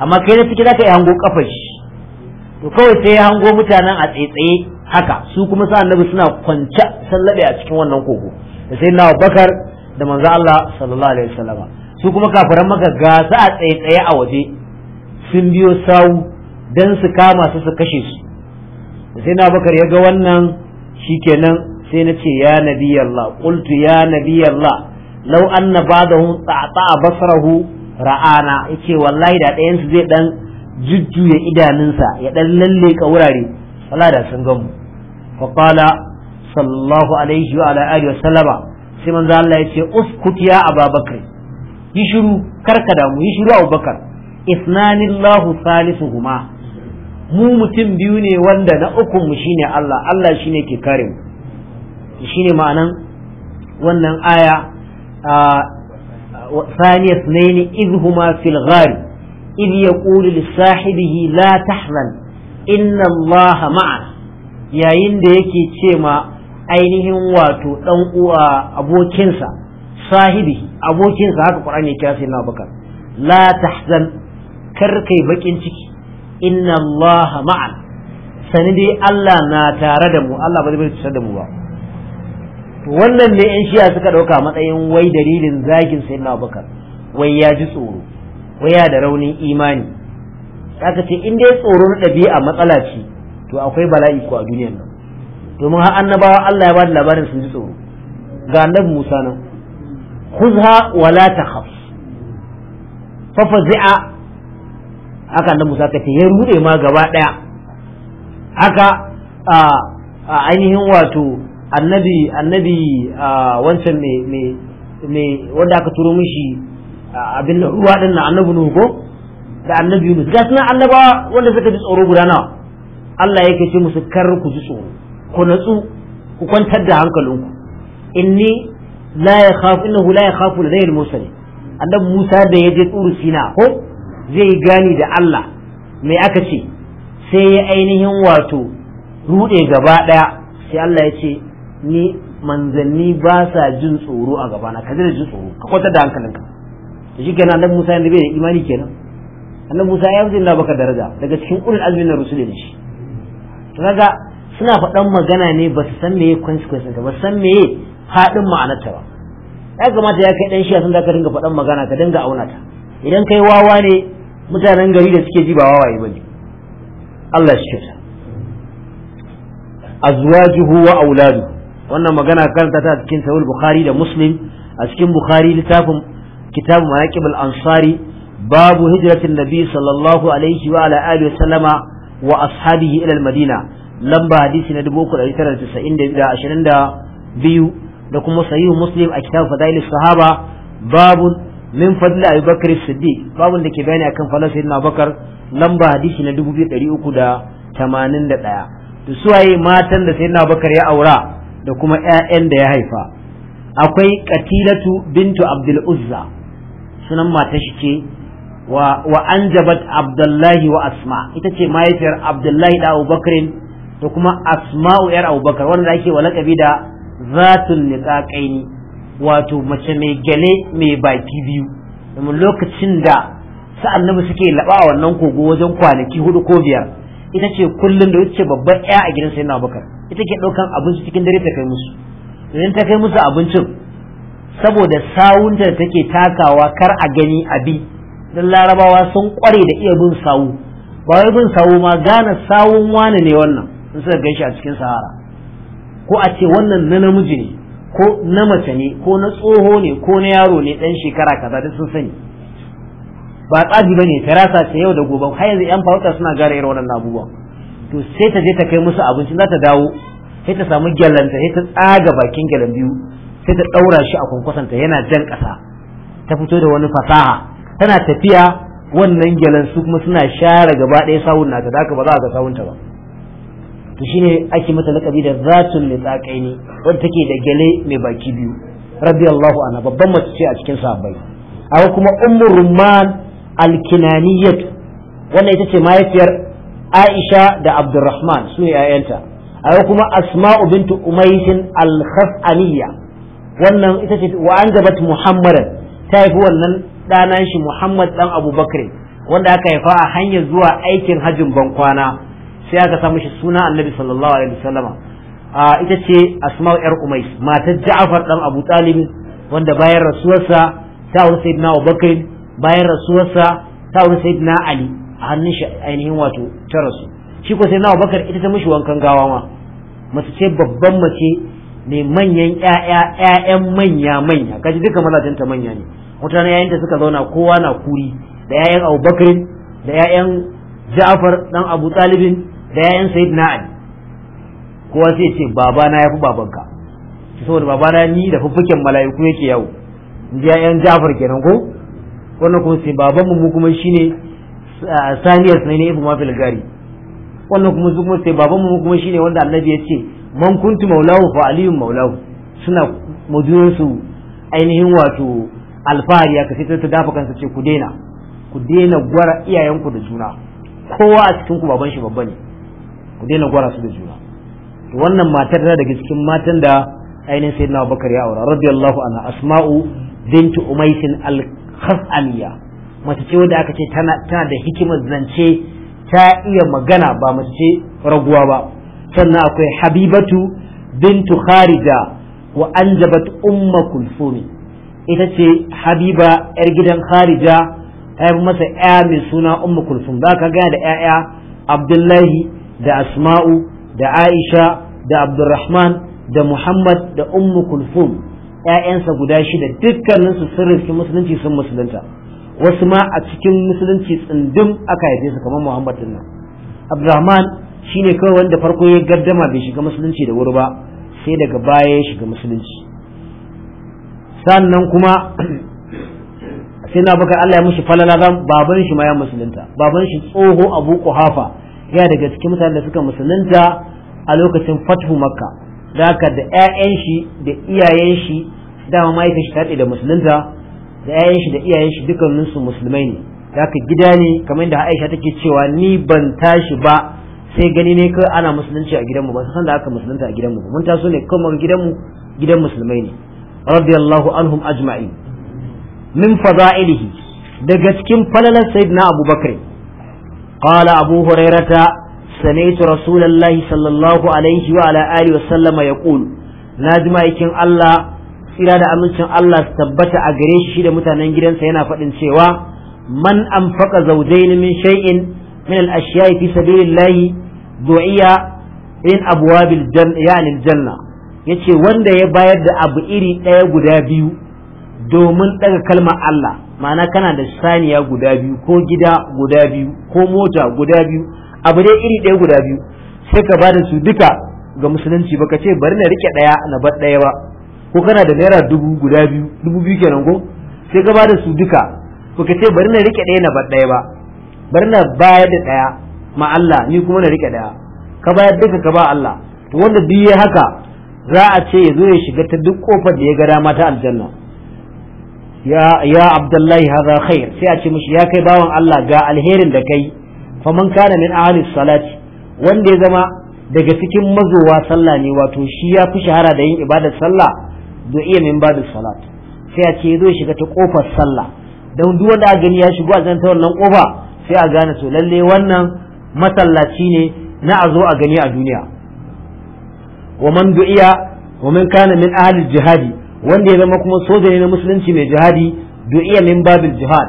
amma kai na ciki ka yi hango kafar shi to kawai sai ya hango mutanen a tsaye-tsaye haka su kuma sa annabi suna kwance sallabe a cikin wannan kogo da sai na bakar da manzo Allah sallallahu alaihi wasallam su kuma kafiran maka ga su a tsaye a waje sun biyo sau dan su kama su su kashe su sai na bakar ya ga wannan shikenan sai na ce ya nabi Allah qultu ya nabi Allah law anna ba'dahu ta'ata basarahu ra'ana yace wallahi da ɗayan su zai dan jujjuya idanunsa ya dan lalle ka wurare wallahi da sun gamu fa qala sallallahu alaihi wa ala alihi wa sallama sai manzo Allah ya ce uskut ya ababakar yi shiru karka damu yi shiru abubakar isnanillahu salisuhuma mu mutum biyu ne wanda na uku mu shine Allah Allah shine ke kare mu shine ma'anan wannan aya ثاني اثنين إذ هما في الغار إذ يقول لصاحبه لا تحزن إن الله معنا yayin da yake ce ma ainihin wato dan uwa abokinsa sahibi abokinsa haka qur'ani ya kira sai na bakar la tahzan kar kai bakin ciki inna Allah ma'an sani dai Allah na tare da mu Allah ba zai bar da mu ba wannan ne yan shiya suka dauka matsayin wai dalilin zagin sai na bakar wai ya ji tsoro wai ya da raunin imani aka ce in dai tsoro na ɗabi'a matsala ce to akwai bala'i ko a duniyar nan domin har annabawa Allah ya ba da labarin sun ji tsoro ga annabi Musa nan khuzha wala takhaf fa fazi'a haka annabi Musa kace ya rude ma gaba daya haka a ainihin wato annabi annabi wancan me me me wanda aka turo mishi abin da ruwa din na annabi Nuhu ko da annabi Yunus ga sunan annabawa wanda suka ji tsoro guda nawa Allah yake ce musu kar ku ji tsoro ku natsu ku kwantar da hankalinku inni la ya khafu innahu la ya khafu ladayil musali annabi Musa da ya je tsuru Sina ko zai gani da Allah mai aka ce sai ya ainihin wato rude gaba daya sai Allah ya ce ni manzanni ba sa jin tsoro a gabana ka da jin tsoro ka kwantar da hankalinka to shi kenan annabi Musa yana bai da imani kenan annabi Musa ya yi baka daraja daga cikin ulul azmin na rusulin shi to kaga suna faɗan magana ne ba su san meye consequence ba su san meye faɗin ma'anarta ba ya kamata ya kai ɗan shi sun zaka dinga faɗan magana ka dinga auna ta idan kai wawa ne mutanen gari da suke ji ba wawaye ne Allah shi ta azwajuhu wa auladu wannan magana karanta ta cikin sahih bukhari da muslim a cikin bukhari littafin kitabu manaqib al-ansari babu hijratin nabi sallallahu alaihi wa ala alihi wa sallama wa ashabihi ila al-madina lamba hadisi na dubu tara da tasa'in da da da biyu ashirin kuma sahihu muslim a kitabu fadail sahaba babu min fadli Abu bakr siddiq babun da ke bayani akan fadlan sayyidina bakar lamba hadisi na dubu uku da tamanin da suwaye matan da sayyidina bakar ya aura da kuma ƴaƴan da ya haifa akwai katilatu bintu abdul uzza sunan matar shi ce wa anjabat abdullahi wa asma ita ce mahaifiyar abdullahi da abubakarin da kuma asma'u yar abubakar wanda ake wa lakabi da zatun niqaqaini wato mace mai gale mai baki biyu domin lokacin da sa annabi suke laba a wannan kogo wajen kwanaki hudu ko biyar ita ce kullum da wuce babbar ya a gidan sayyidina abubakar ita ke daukan abinci cikin dare ta kai musu idan ta kai musu abincin saboda sawunta da take takawa kar a gani abi dan larabawa sun kware da iya bin sawu ba wai bin sawu ma gane sawun wani ne wannan in suka gan a cikin sahara ko a ce wannan na namiji ne ko na mace ne ko na tsoho ne ko na yaro ne dan shekara kaza duk sun sani ba tsaji ba ne tarasa ce yau da gobe har yanzu yan farauta suna gara irin wannan abubuwa to sai ta je ta kai musu abincin za ta dawo sai ta samu gyalanta sai ta tsaga bakin gyalan biyu sai ta ɗaura shi a kwankwasanta yana jan ƙasa ta fito da wani fasaha tana tafiya wannan gyalan su kuma suna share gaba ɗaya sawun nata da ba za a ga sawunta ba to shine ake mata lakabi da zatul litsaqaini wanda take da gele mai baki biyu radiyallahu ana babban mace ce a cikin sahabbai akwai kuma ummu rumman alkinaniyat wannan ita ce mahaifiyar Aisha da Abdurrahman su ne A akwai kuma Asma'u bintu Umays al-Khaf'aniyya wannan ita ce wa anjabat Muhammadan ta haifi wannan ɗanan shi Muhammad dan Abubakar wanda aka haifa a hanyar zuwa aikin hajjin bankwana sai aka samu shi suna annabi sallallahu alaihi wasallama a ita ce asma'u yar umais matar ja'far dan abu talib wanda bayan rasuwarsa ta auri sayyidina abubakar bayan rasuwarsa ta auri sayyidina ali a hannun shi ainihin wato ta rasu shi ko sayyidina abubakar ita ta mishi wankan gawa ma mace ce babban mace mai manyan ƴaƴa ƴaƴan manya manya kaji duka ta manya ne mutane yayin da suka zauna kowa na kuri da ƴaƴan abubakar da ya'yan ja'far dan abu talibin da yayan sayyidina ali kowa sai ce babana ya fi babanka saboda babana ni da fuffuken mala'iku yake yawo yayan jafar kenan ko wannan kuma sai baban mu kuma shine saniyar sai ne ibnu mafil gari wannan kuma su kuma sai baban mu kuma shine wanda annabi ya ce man kuntu maulahu fa aliyun maulahu suna majuyan su ainihin wato alfahari aka sai ta dafa kansa ce ku daina ku daina gwara iyayenku da juna kowa a cikin ku baban shi babba ne ku daina gwara su da juna to wannan matar na daga cikin matan da ainihin sayyidina Abubakar ya aura radiyallahu anha Asma'u bintu Umaysin al-Khasaniya mace ce wanda aka ce tana tana da hikimar zance ta iya magana ba mace ce raguwa ba sannan akwai Habibatu bintu Kharija wa anjabat umma kulfumi ita ce habiba yar gidan kharija ta yi masa ya mai suna umma kulfum za ka gaya da 'ya'ya abdullahi da asma'u da aisha da abdurrahman da muhammad da ummu kulfum ‘ya'yansa guda shida dukkaninsu sun riski musulunci sun musulunta wasu ma a cikin musulunci tsindin aka haife su kamar muhammad din abdurrahman shine kawai wanda farko ya gaddama bai shiga musulunci da wuri ba sai daga baya ya shiga musulunci sannan kuma sai na baka Allah ya mishi falala zan baban shi ma ya musulunta baban shi tsoho abu kuhafa ya daga cikin mutanen da suka musulunta a lokacin fathu makka da haka da 'ya'yan shi da iyayen shi dama mahaifin shi taɗe da musulunta da 'ya'yan shi da iyayen shi dukkanin su musulmai ne da haka gida ne kamar yadda Aisha take cewa ni ban tashi ba sai gani ne kai ana musulunci a gidanmu ba san da aka musulunta a gidanmu mun taso ne kuma gidanmu gidan musulmai ne radiyallahu anhum ajma'in min fada'ilihi daga cikin falalar sayyidina abubakar قال أبو هريرة سمعت رسول الله صلى الله عليه وعلى آله وسلم يقول ناجم إكين الله tsira da amincin Allah su tabbata a gare shi da mutanen gidansa yana faɗin cewa man anfaqa zawjayn min shay'in min al-ashiya'i fi sabilillahi du'iya in abwabil janna yani al-janna yace wanda ya bayar da abu iri ɗaya guda biyu domin ɗaga kalmar Allah ma'ana kana da saniya guda biyu ko gida guda biyu ko mota guda biyu abu dai iri ɗaya guda biyu sai ka bada su duka ga musulunci baka ce bari na rike ɗaya na bar ɗaya ba ko kana da naira dubu guda biyu dubu biyu kenan ko sai ka bada su duka baka ce bari na rike ɗaya na bar ɗaya ba bari na bayar da ɗaya ma Allah ni kuma na rike ɗaya ka bayar duka ka ba Allah wanda duk ya haka za a ce ya zo ya shiga ta duk kofar da ya ga dama ta aljanna ya abdullahi hadha khair sai a ce mishi ya kai bawan Allah ga alherin da kai faman kana min ahli salati wanda ya zama daga cikin mazowa sallah ne wato shi ya fi shahara da yin ibadar sallah do iya min badu salat sai a ce zo shiga ta kofar sallah dan duk wanda a gani ya shigo a zan ta wannan kofa sai a gane to lalle wannan masallaci ne na a zo a gani a duniya wa man du'iya wa man kana min ahli jihadi wanda ya zama kuma soja ne na musulunci mai jihadi iya min babil jihad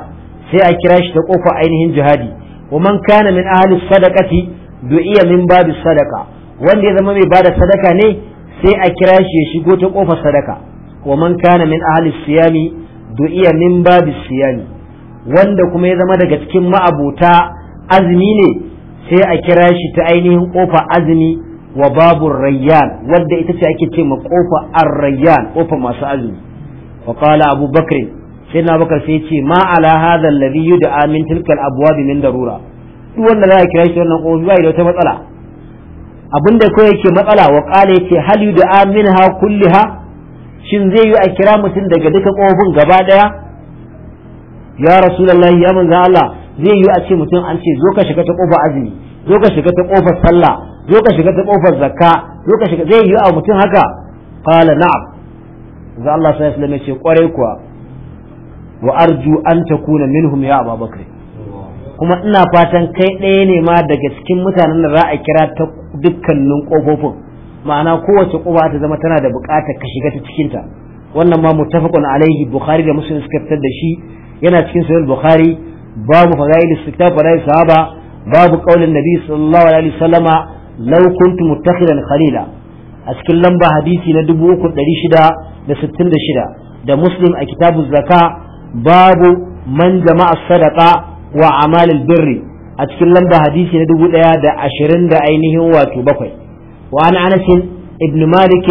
sai a kira shi ta kofa ainihin jihadi wa man kana min ahli sadaqati iya min babis sadaka. wanda ya zama mai bada sadaka ne sai a kira shi ya shigo ta kofar sadaka wa man kana min ahli siyami iya min babis siyami wanda kuma ya zama daga cikin ma'abuta azumi ne sai a kira shi ta ainihin kofa azumi wa babu rayyan wadda ita ce ake ce ma kofa ar-rayyan kofa masu azumi wa qala abu bakr sai na bakar sai ce ma ala hadha alladhi yud'a min tilka al-abwab min darura duk wanda za kira shi wannan kofi bai da wata matsala abinda ko yake matsala wa qala yace hal yud'a minha kulliha shin zai yi a kira mutum daga duka kofin gaba daya ya rasulullahi ya manzo Allah zai yi a ce mutum an ce zo ka shiga ta kofa azumi zo ka shiga ta kofar sallah zo ka shiga ta kofar zakka zo ka shiga zai yi a mutum haka qala na'am za Allah sallallahu alaihi wasallam ya ce kwarai kuwa wa arju an takuna minhum ya Abubakar kuma ina fatan kai ɗaya ne ma daga cikin mutanen da za a kira ta dukkanin kofofin ma'ana kowace kofa ta zama tana da buƙatar ka shiga ta cikin ta wannan ma muttafaqun alaihi bukhari da muslim suka fitar da shi yana cikin sahih bukhari babu fadail kitab fadail sahaba babu qaulin nabi sallallahu alaihi wasallama law kuntu khalila a lamba hadisi na 3666 da muslim a kitabu zaka babu Manjama'a jama'a sadaqa wa amalil birri a cikin lamba hadisi na 1020 da ainihin wato bakwai wa an anas ibn malik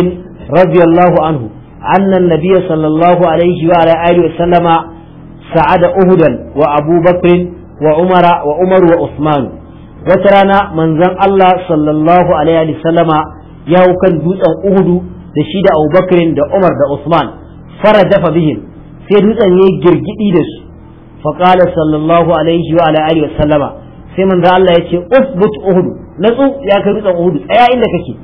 radiyallahu anhu anna an-nabiy sallallahu alaihi wa ala wa sallama sa'ada uhudan wa abu wa umara wa wa usman wata rana manzon Allah sallallahu alaihi sallama ya hau kan dutsen Uhudu da shi da Abubakar da Umar da Usman fara dafa bihin, sai dutsen ya girgidi da su faqala sallallahu alaihi wa alihi sallama sai manzon Allah ya ce usbut Uhudu natsu ya kai dutsen Uhudu tsaya inda kake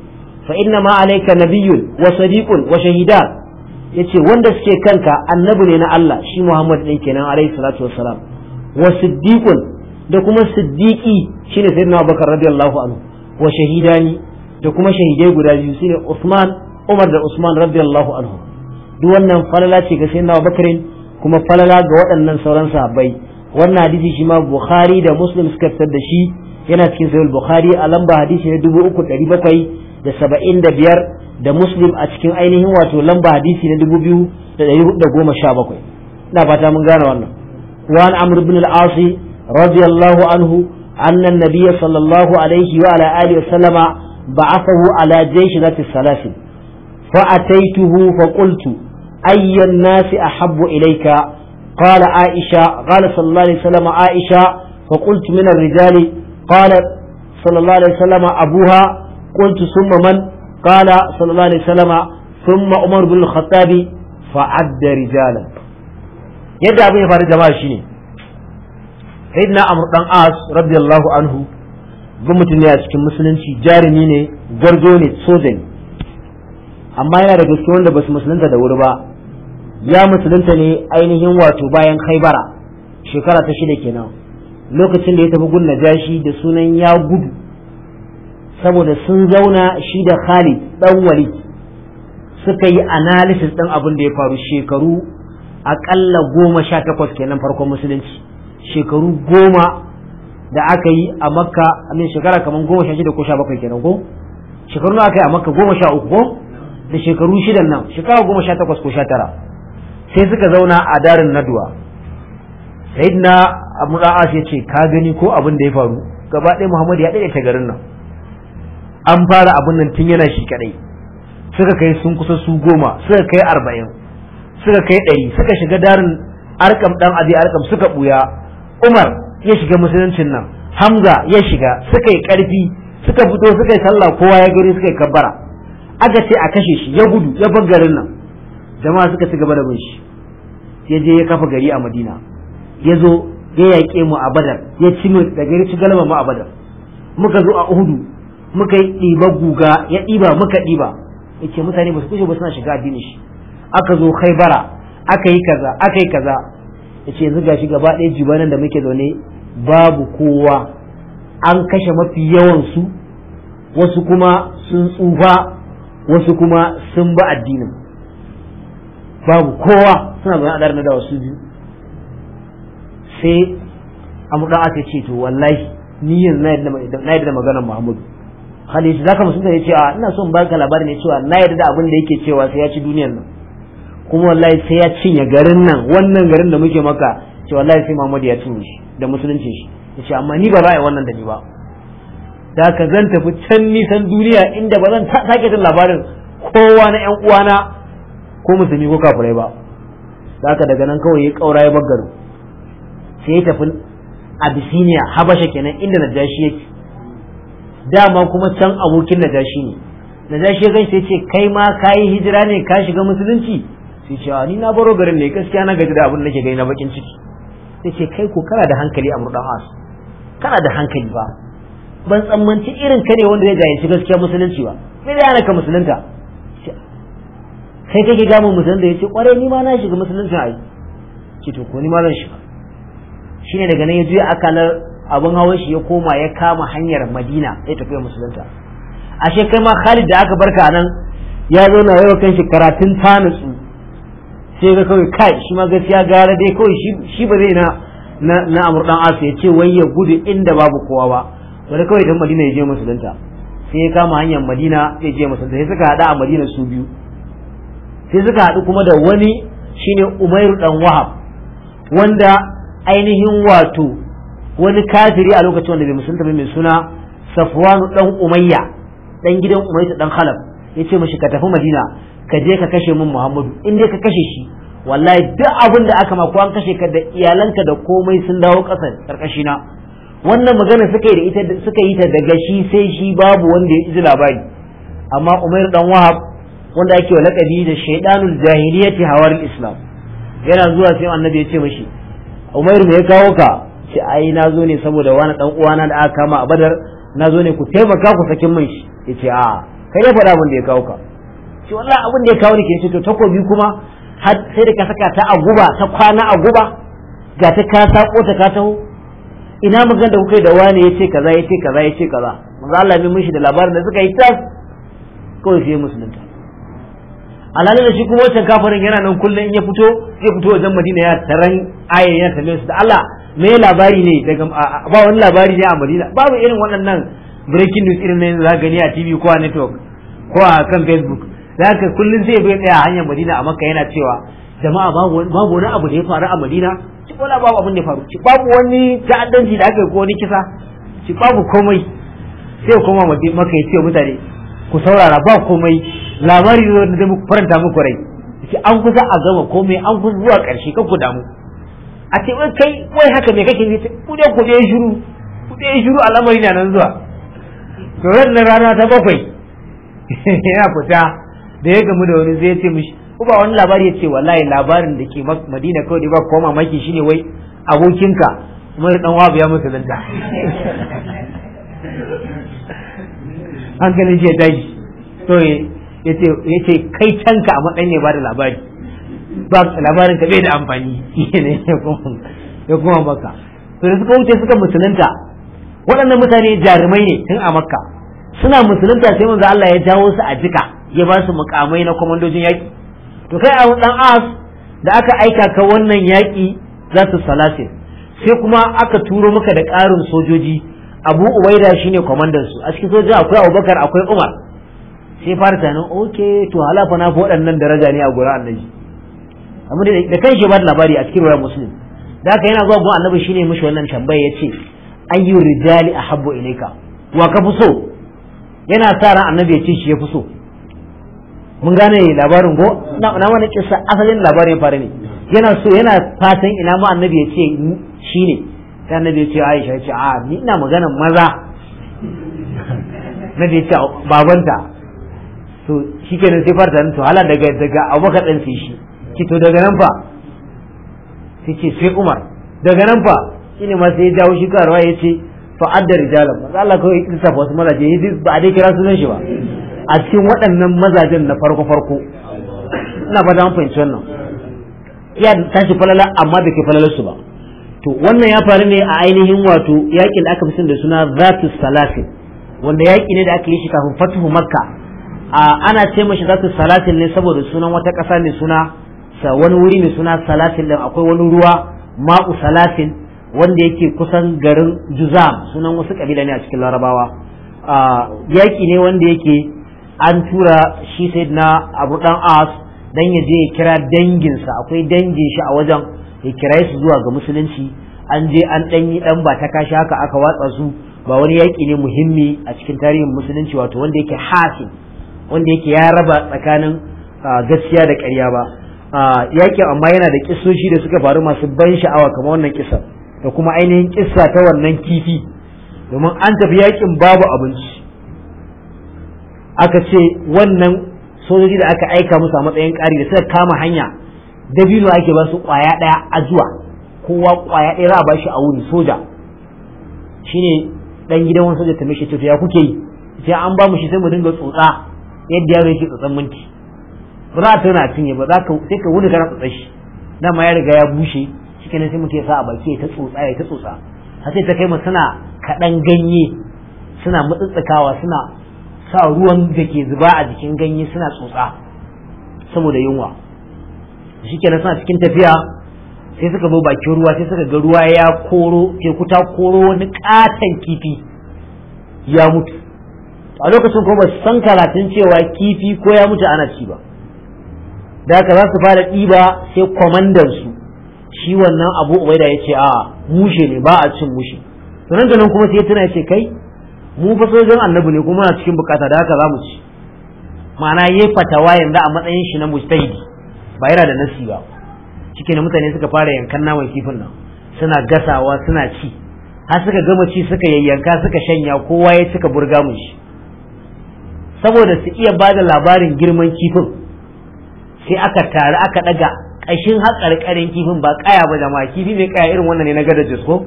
fa inna ma alayka nabiyyun wa sadiqun wa shahidan yace wanda suke kanka annabi ne na Allah shi Muhammad din kenan alaihi salatu wa siddiqun da kuma siddiqi shine sayyidina abubakar radiyallahu anhu wa shahidani da kuma shahidai guda biyu shine usman umar da usman radiyallahu anhu duk wannan falala ce ga sayyidina abubakar kuma falala ga waɗannan sauran sahabbai wannan hadisi shi ma bukhari da muslim suka fitar da shi yana cikin sahih bukhari a lamba hadisi na bakwai da da biyar muslim a cikin ainihin wato lamba hadisi na dubu biyu da ɗari da goma sha bakwai ina fata mun gane wannan wa an amr ibn al-asi radiyallahu anhu anna an-nabiy sallallahu alaihi wa ala alihi wa sallama ba'athahu ala jaysh zati salasin fa ataituhu fa qultu ayya an-nasi ahabbu ilayka qala aisha qala sallallahu wa sallama aisha fa qultu min ar-rijali wa sallama abuha qultu thumma man qala sallallahu wa sallama thumma umar bin al fa'adda yadda abin ya jama'a shine sayyidina amr dan as radiyallahu anhu ba mutum ne a cikin musulunci jarumi ne gwarzo ne soja ne amma yana da gaske wanda basu musulunta da wuri ba ya musulunta ne ainihin wato bayan khaibara shekara ta shida kenan lokacin da ya tafi gunna jashi da sunan ya gudu saboda sun zauna shi da Khalid dan Walid suka yi analysis ɗin abin da ya faru shekaru aƙalla goma sha takwas kenan farkon musulunci shekaru goma da aka yi a makka amin shekara kamar goma sha shida ko sha bakwai kenan ko shekaru na aka yi a makka goma sha uku ko da shekaru shidan nan shekara goma sha takwas ko sha tara sai suka zauna a darin naduwa na abu ra'as ya ce ka gani ko abin da ya faru gaba ɗaya Muhammadu ya ɗaya ta garin nan an fara abin nan tun yana shi kaɗai, suka kai sun kusa su goma suka kai arba'in suka kai ɗari suka shiga darin arkam ɗan abi arkam suka ɓuya umar ya shiga musuluncin nan hamza ya shiga suka yi karfi suka fito suka yi sallah kowa ya gari suka yi kabbara aka ce a kashe shi ya gudu ya bar garin nan jama'a suka ci gaba da bin shi ya je ya kafa gari a madina ya zo ya yaƙe mu a badar ya ci mu da gari ci galaba mu a badar muka zo a uhudu muka yi ɗiba guga ya ɗiba muka ɗiba ya mutane ba su kushe ba suna shiga addinin shi aka zo khaibara aka yi kaza aka yi kaza yace yanzu gashi gaba ɗaya jibanan da muke zaune babu kowa an kashe mafi yawan su wasu kuma sun tsufa wasu kuma sun ba addinin babu kowa suna zaune a na da su biyu sai amurda aka ce to wallahi ni yanzu na yadda da maganar muhammadu khalid za ka musulunta ya ce a ina son baka labarin ne cewa na yadda da abin da yake cewa sai ya ci duniyar nan kuma wallahi sai ya cinye garin nan wannan garin da muke maka ce wallahi sai Muhammad ya tuni shi da musulunci shi ya ce amma ni ba za a yi wannan da ni ba da ka zan tafi can nisan duniya inda ba zan sake jin labarin kowa na yan uwana ko musulmi ko kafirai ba da ka daga nan kawai ya kaura ya baggaru sai ya tafi abisiniya Habasha kenan inda jashi yake dama kuma can abokin Najashi ne jashi ya gan sai ce kai ma kayi hijira ne ka shiga musulunci sai ce ni na baro garin ne gaskiya na gaji da abin da nake gani na bakin ciki sai ce kai ko kana da hankali a murdan as kana da hankali ba ban tsammanci irin ka ne wanda zai gayyaci gaskiya musulunci ba Me zai yana ka musulunta kai kake gamu musulunta ya ce kwarai ni ma na shiga musulunci ai ce to ko ni ma zan shiga shine daga nan ya juya akalar abin hawan shi ya koma ya kama hanyar madina ya tafi musulunta ashe kai ma khalid da aka barka nan ya zauna yau kan shi karatun tanisu sai ga kawai kai shi ma gaskiya gara dai kawai shi ba zai na na amur asu ya ce wai ya gudu inda babu kowa ba wani kawai dan madina ya je musulunta sai ya kama hanyar madina ya je musulunta sai suka hada a madina su biyu sai suka haɗu kuma da wani shine umairu dan wahab wanda ainihin wato wani kafiri a lokacin wanda bai musulunta mai suna safwanu dan umayya dan gidan umayya dan khalaf yace mashi ka tafi madina ka je ka kashe mun Muhammadu in dai ka kashe shi wallahi duk abin da aka ma ko an kashe ka da iyalanka da komai sun dawo ƙasa karkashi na wannan magana suka yi da ita suka yi ta daga shi sai shi babu wanda ya ji labari amma Umair dan Wahab wanda ake wa lakabi da shaydanul jahiliyyati hawar islam yana zuwa sai annabi ya ce mashi Umair me ya kawo ka ce ai na zo ne saboda wani dan uwana da aka kama a Badar na zo ne ku taimaka ku sakin mun shi yace a kai ne faɗa abin da ya kawo ka ce wallahi abin da ya kawo rikici to takobi kuma har sai da ka saka ta a guba ta kwana a guba ga ta ka sako ta ka taho ina magana da kuka yi da wani yace kaza yace kaza yace kaza manzo Allah ya mishi da labarin da suka yi tas kawai sai musulunta alhalin da shi kuma wancan kafirin yana nan kullum in ya fito zai fito wajen Madina ya taran ayan ya tambaye su da Allah me labari ne daga ba wani labari ne a Madina babu irin waɗannan breaking news irin ne za gani a TV ko a network ko a kan Facebook zaka kullun kullum zai bai tsaya hanyar madina a makka yana cewa jama'a babu wani abu da ya faru a madina ci wala babu abin da ya faru ci babu wani ta'addanci da aka yi ko wani kisa ci babu komai sai ya koma Makka ya ce mutane ku saurara ba komai labari zo da muku faranta muku rai ki an kusa a gama komai an kusa zuwa karshe kan ku damu a ce wai kai wai haka me kake yi ku dai ku dai shiru ku dai shiru al'amari na nan zuwa to wannan rana ta bakwai yana fita da ya gamu da wani zai ce mishi ko ba wani labari ya ce wallahi labarin da ke madina kawai ba ko mamaki shine wai abokinka umar dan wabu ya mutu zanta hankalin shi ya daji to ya ce kai canka a matsayin ne ba da labari ba labarin ka bai da amfani ya kuma maka to da suka wuce suka musulunta waɗannan mutane jarumai ne tun a makka suna musulunta sai manzo Allah ya jawo su a jika ya ba su mukamai na kwamandojin yaƙi to kai a dan as da aka aika ka wannan yaƙi za su salasin sai kuma aka turo maka da ƙarin sojoji abu ubaida shine kwamandan su a cikin soja akwai abubakar akwai umar sai fara tunanin ok to halafa na fi waɗannan daraja ne a gura annabi amma da kan shi ba da labari a cikin ruwan muslim da aka yana zuwa gun annabi shine mishi wannan tambaya yace ce ayyu rijali ahabbu ilayka wa ka fi so yana sa ran annabi ya ce shi ya fi so mun gane labarin go na wani kisa asalin labarin fara ne yana so yana fatan ina ma annabi ya ce shi ne ta annabi ya ce Aisha ya ce a ah, ni ina magana maza da ya ce babanta to nan sai ta to hala daga daga Abubakar dan sai shi ki to daga nan fa sai ce sai Umar daga nan fa shi ne masu ya jawo shi karuwa ya ce fa adda rijalan Allah kawai lissafa wasu mazaje ba a dai kira sunan shi ba a cikin waɗannan mazajen na farko farko ina ba an fahimci wannan ya tashi falala amma bai kai falalar su ba to wannan ya faru ne a ainihin wato yakin da aka fi da suna zatu salafin, wanda yaƙi ne da aka yi shi kafin fatuhu makka ana ce mashi zatu salafin ne saboda sunan wata ƙasa mai suna wani wuri mai suna salafin din akwai wani ruwa ma'u salafin, wanda yake kusan garin juzam sunan wasu kabila ne a cikin larabawa yaƙi ne wanda yake an tura shi sai na abu dan as dan ya je ya kira danginsa akwai dangin shi a wajen ya kira su zuwa ga musulunci an je an dan yi dan ba ta kashi haka aka watsa su ba wani yaƙi ne muhimmi a cikin tarihin musulunci wato wanda yake hasin wanda yake ya raba tsakanin ah, gaskiya da ƙarya ba ah, yaƙin amma yana da kisoshi da suka faru masu ban sha'awa kamar wannan kisa da kuma ainihin kissa ta wannan kifi domin an tafi yaƙin babu abinci aka ce wannan sojoji da aka aika musu a matsayin ƙari da suka kama hanya dabino ake ba su ƙwaya ɗaya a zuwa kowa ƙwaya ɗaya za a ba shi a wuri soja shine dan gidan wani soja ta mishi ce ya kuke yi sai an ba mu shi sai mu dinga tsotsa yadda yaro yake tsotsan minti ba za a tana cinye ba za ka sai ka wuni kana tsotsa shi dama ya riga ya bushe shikenan sai muke ya sa a baki ya ta tsotsa ya ta tsotsa har sai ta kai mu suna kaɗan ganye suna matsatsakawa. suna sa ruwan da ke zuba a jikin ganye suna tsotsa saboda yunwa shi kenan suna cikin tafiya sai suka zo bakin ruwa sai suka ga ruwa ya koro teku ta koro wani katon kifi ya mutu a lokacin kuma ba san karatun cewa kifi ko ya mutu ana ci ba da haka za su fara ɗiba sai kwamandansu shi wannan abu ubaida ya ce a mushe ne ba a cin mushe sanan nan kuma sai tana ce kai mu fa sojan annabi ne kuma muna cikin bukata da haka za mu ci ma'ana yayi fatawa yanzu a matsayin shi na mujtahidi ba yana da nasi ba cike ne mutane suka fara yankan naman kifin nan suna gasawa suna ci har suka gama ci suka yayyanka suka shanya kowa ya cika burga mu shi saboda su iya ba da labarin girman kifin sai aka tare aka daga ƙashin haƙarƙarin kifin ba ƙaya ba jama'a kifi mai kaya irin wannan ne na gada jisko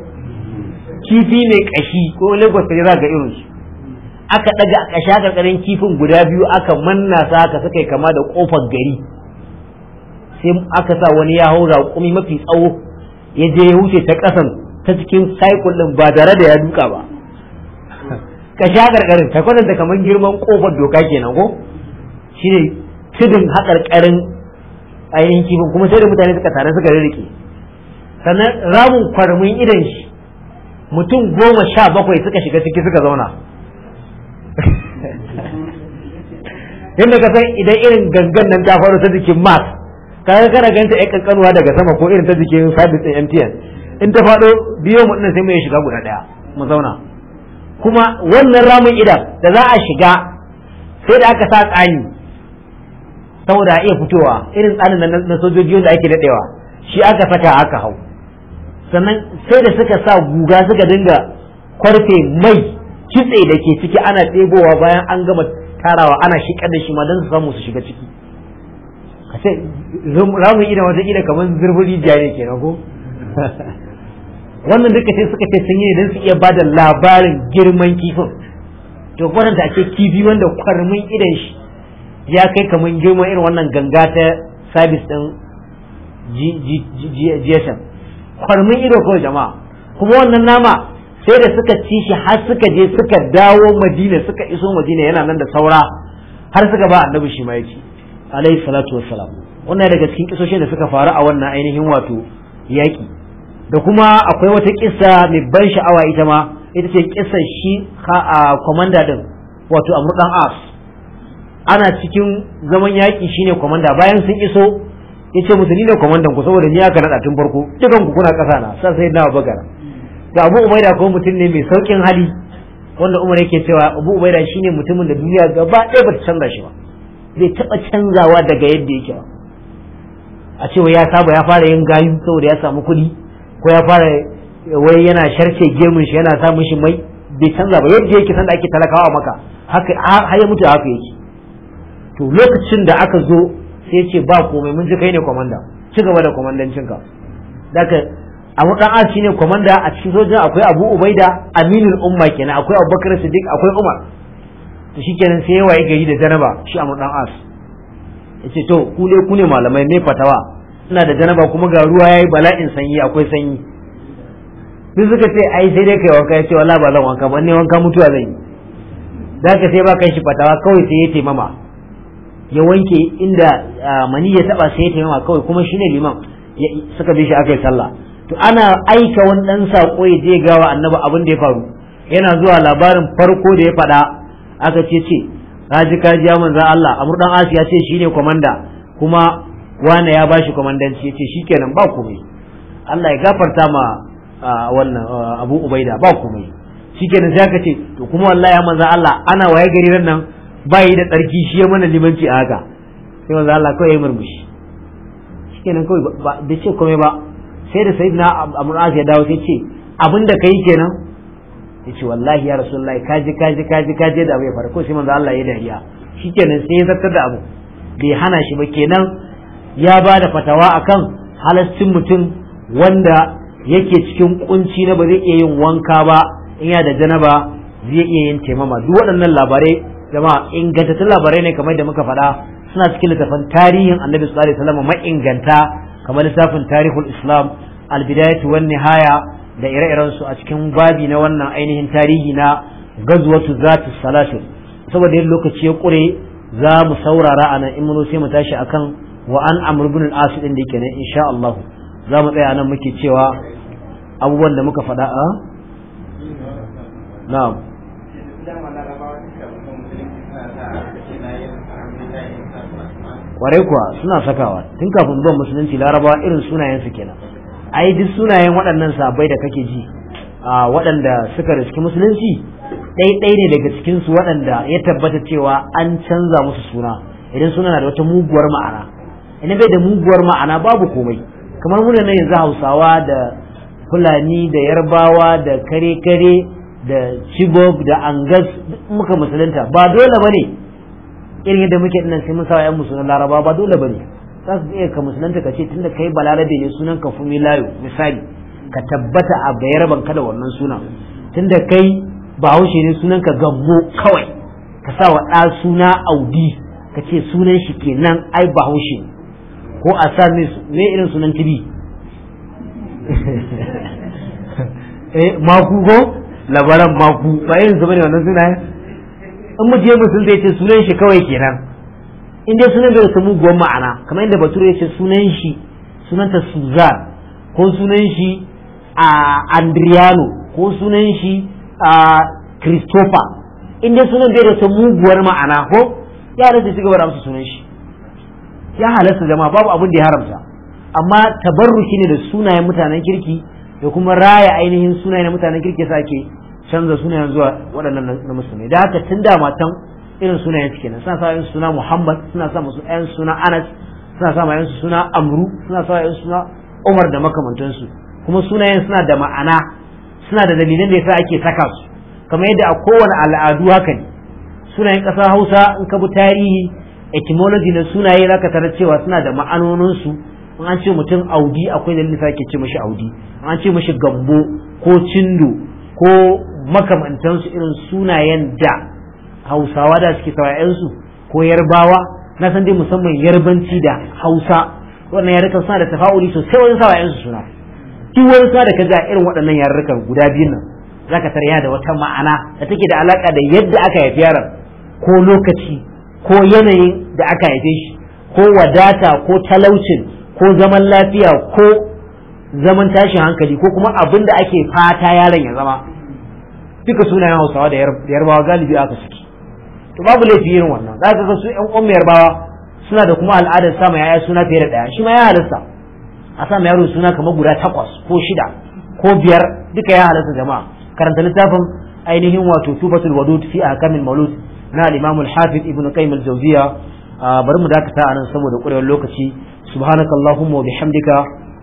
kifi mai kashi ko lagos ta za ga irin su aka daga a kasha karkarin kifin guda biyu aka manna sa aka suka kama da kofar gari sai aka sa wani ya hau raƙumi mafi tsawo ya je ya wuce ta ƙasan ta cikin cycle din ba tare da ya duka ba ka sha karkarin ka da kamar girman kofar doka kenan ko shine tudun haƙarƙarin ainihin kifin kuma sai da mutane suka tare suka rirke sannan ramin kwarmin idan shi mutum goma sha bakwai suka shiga ciki suka zauna yadda ka san idan irin gangan nan ta faru ta jikin mas kaga kana ganta ya kankanuwa daga sama ko irin ta jikin sabis din MTN in ta faɗo biyo mu din sai mu shiga guda daya mu zauna kuma wannan ramin idan da za a shiga sai da aka sa tsani saboda a iya fitowa irin tsanin na sojoji wanda ake dadewa shi aka saka aka hau sannan sai da suka sa guga suka dinga kwarfe mai kitse da ke ciki ana tsebowa bayan an gama tarawa ana shiƙar da shi ma don su samu su shiga ciki a ce ramin ina ina kamar zurfin rijiya ne ke ko wannan duka sai suka ce sun yi don su iya ba da labarin girman kifin to da ake kifi wanda kwarmin idan shi ya kai kamar girman irin wannan ganga ta sabis ɗin gsm kwarmin ido kawai jama'a kuma wannan nama sai da suka ci shi har suka je suka dawo madina suka iso madina yana nan da saura har suka ba annabi shi ma yake alayhi salatu wassalam wannan daga cikin kisoshin da suka faru a wannan ainihin wato yaki da kuma akwai wata kissa mai ban sha'awa ita ma ita ce kissar shi a komanda din wato amurdan as ana cikin zaman yaki shine komanda bayan sun iso ce musu ni ne komandan ku saboda ni aka nada tun farko dukan ku kuna kasa na sai sai na bagara ga Abu Ubaida ko mutum ne mai saukin hali wanda Umar yake cewa Abu Ubaida shine mutumin da duniya gaba ɗaya ba ta canza shi ba bai taba canzawa daga yadda yake ba a cewa ya saba ya fara yin gayu saboda ya samu kuɗi ko ya fara wai yana sharce gemun shi yana sa mishi mai bai canza ba yadda yake sanda ake talakawa maka haka har ya mutu haka yake to lokacin da aka zo sai ce ba komai mun ji kai ne komanda ci gaba da komandancinka daga abu dan as ne komanda a cikin sojin akwai abu ubaida aminul umma kenan akwai abubakar siddiq akwai umar to shikenan sai yawa ya gari da janaba shi amu dan as yace to ku ne ku ne malamai me fatawa ina da janaba kuma ga ruwa yayi bala'in sanyi akwai sanyi sai suka ce ai sai dai kai wanka yace wallahi ba zan wanka ba ne wanka mutuwa zan yi zaka sai ba kai shi fatawa kawai sai ya taimama ya wanke inda mani ya taba sai ya taimama kawai kuma shine liman suka bi shi aka yi sallah to ana aika wani dan sako ya je gawa annabi abin da ya faru yana zuwa labarin farko da ya faɗa aka ce ce kaji kaji ya manzan Allah amur dan asiya ce shine komanda kuma wane ya bashi komandanci ya ce shikenan ba komai Allah ya gafarta ma wannan Abu Ubaida ba komai shikenan sai aka ce to kuma wallahi ya manzan Allah ana waye gari nan bai da tsarki shi ya mana limanci a haka sai manzo Allah kawai ya murmushi shikenan kawai ba da ce komai ba sai da sayyidina Amr ya dawo sai ce abinda kai kenan yace wallahi ya rasulullahi kaji kaji kaji kaji da abu ya farko sai manzo Allah ya dariya shikenan sai ya zartar da abu bai hana shi ba kenan ya ba da fatawa akan halastin mutum wanda yake cikin kunci na ba zai iya yin wanka ba in ya da janaba zai iya yin taimama duk waɗannan labarai jama'a ingantattun labarai ne kamar da muka faɗa suna cikin littafin tarihin annabi sallallahu alaihi wasallam ma'inganta kamar littafin tarihul islam albidayatu wan nihaya da ire-iren su a cikin babi na wannan ainihin tarihi na gazwatu zatu salatin saboda yin lokaci ya kure za mu saurara a nan in mun sai mu tashi akan wa an amr ibn al-as din da yake nan insha Allah za mu tsaya nan muke cewa abubuwan da muka faɗa a na'am kwarai kuwa suna sakawa tun kafin zuwan musulunci larabawa irin sunayen su kenan ai duk sunayen waɗannan sabai da kake ji a waɗanda suka riski musulunci ɗaiɗai ne daga cikin su waɗanda ya tabbata cewa an canza musu suna idan suna na da wata muguwar ma'ana idan bai da muguwar ma'ana babu komai kamar mu nan yanzu Hausawa da Fulani da Yarbawa da kare-kare da Chibok da Angas muka musulunta ba dole bane irin yadda muke dinnan sai mun wa ƴan musulman laraba ba dole bane za su iya ka musulunta ka ce tunda kai balarabe ne sunan ka fumi layo misali ka tabbata a bayar banka da wannan sunan tunda kai bahaushe ne sunan ka gambo kawai ka sa wa ɗa suna audi ka ce sunan shi kenan ai bahaushe ne ko a sa me irin sunan tibi eh maku ko labaran maku ba irin su wannan sunayen in mu je musulun zai ce sunan shi kawai kenan in dai sunan bai da muguwar ma'ana kamar inda bature ya ce sunan shi ta suzan ko sunan shi a andriano ko sunan shi a christopher in dai sunan bai da muguwar ma'ana ko ya halatta ci gaba da amsa sunan shi ya halatta zama babu abin da ya haramta amma tabarruki ne da sunayen mutanen kirki da kuma raya ainihin sunayen mutanen kirki sa ke canza sunayen zuwa waɗannan na musulmi da haka tun da matan irin sunayen su kenan suna sa suna Muhammad suna sa musu ɗayan suna Anas suna sa ma suna Amru suna sa yin suna Umar da makamantansu kuma sunayen suna da ma'ana suna da dalilan da yasa ake saka su kamar yadda a kowane al'adu haka ne sunayen ƙasar Hausa in ka bi tarihi etymology na sunaye zaka tarar cewa suna da ma'anoninsu in an ce mutum audi akwai dalilin sa ake ce mashi audi an ce mashi gambo ko cindo ko makamantansu irin sunayen da hausawa da suke tawayensu ko yarbawa na san dai musamman yarbanci da hausa wannan yarukan suna da tafa'uli sosai wajen yansu suna duk wani sa da kaji a irin waɗannan yarukan guda biyun nan zaka tarya da wata ma'ana da take da alaka da yadda aka haifi yaron ko lokaci ko yanayin da aka haife shi ko wadata ko talaucin ko zaman lafiya ko zaman tashin hankali ko kuma abin da ake fata yaron ya zama duka sunayen hausawa da yarbawa galibi aka suke to babu laifi irin wannan za ka su yan uwan yarbawa suna da kuma al'adar sama yaya suna fiye da daya shi ma ya halasta a sama yaro suna kamar guda takwas ko shida ko biyar duka ya halasta jama'a karanta littafin ainihin wato tufatul wadud fi ahkamil maulud na al-imam al-hafiz ibnu qayyim al-jawziya bari mu dakata anan saboda ƙurewar lokaci subhanakallahumma wa bihamdika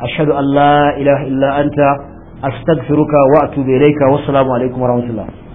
ashhadu an la ilaha illa anta astaghfiruka wa atubu ilaika wassalamu alaikum warahmatullahi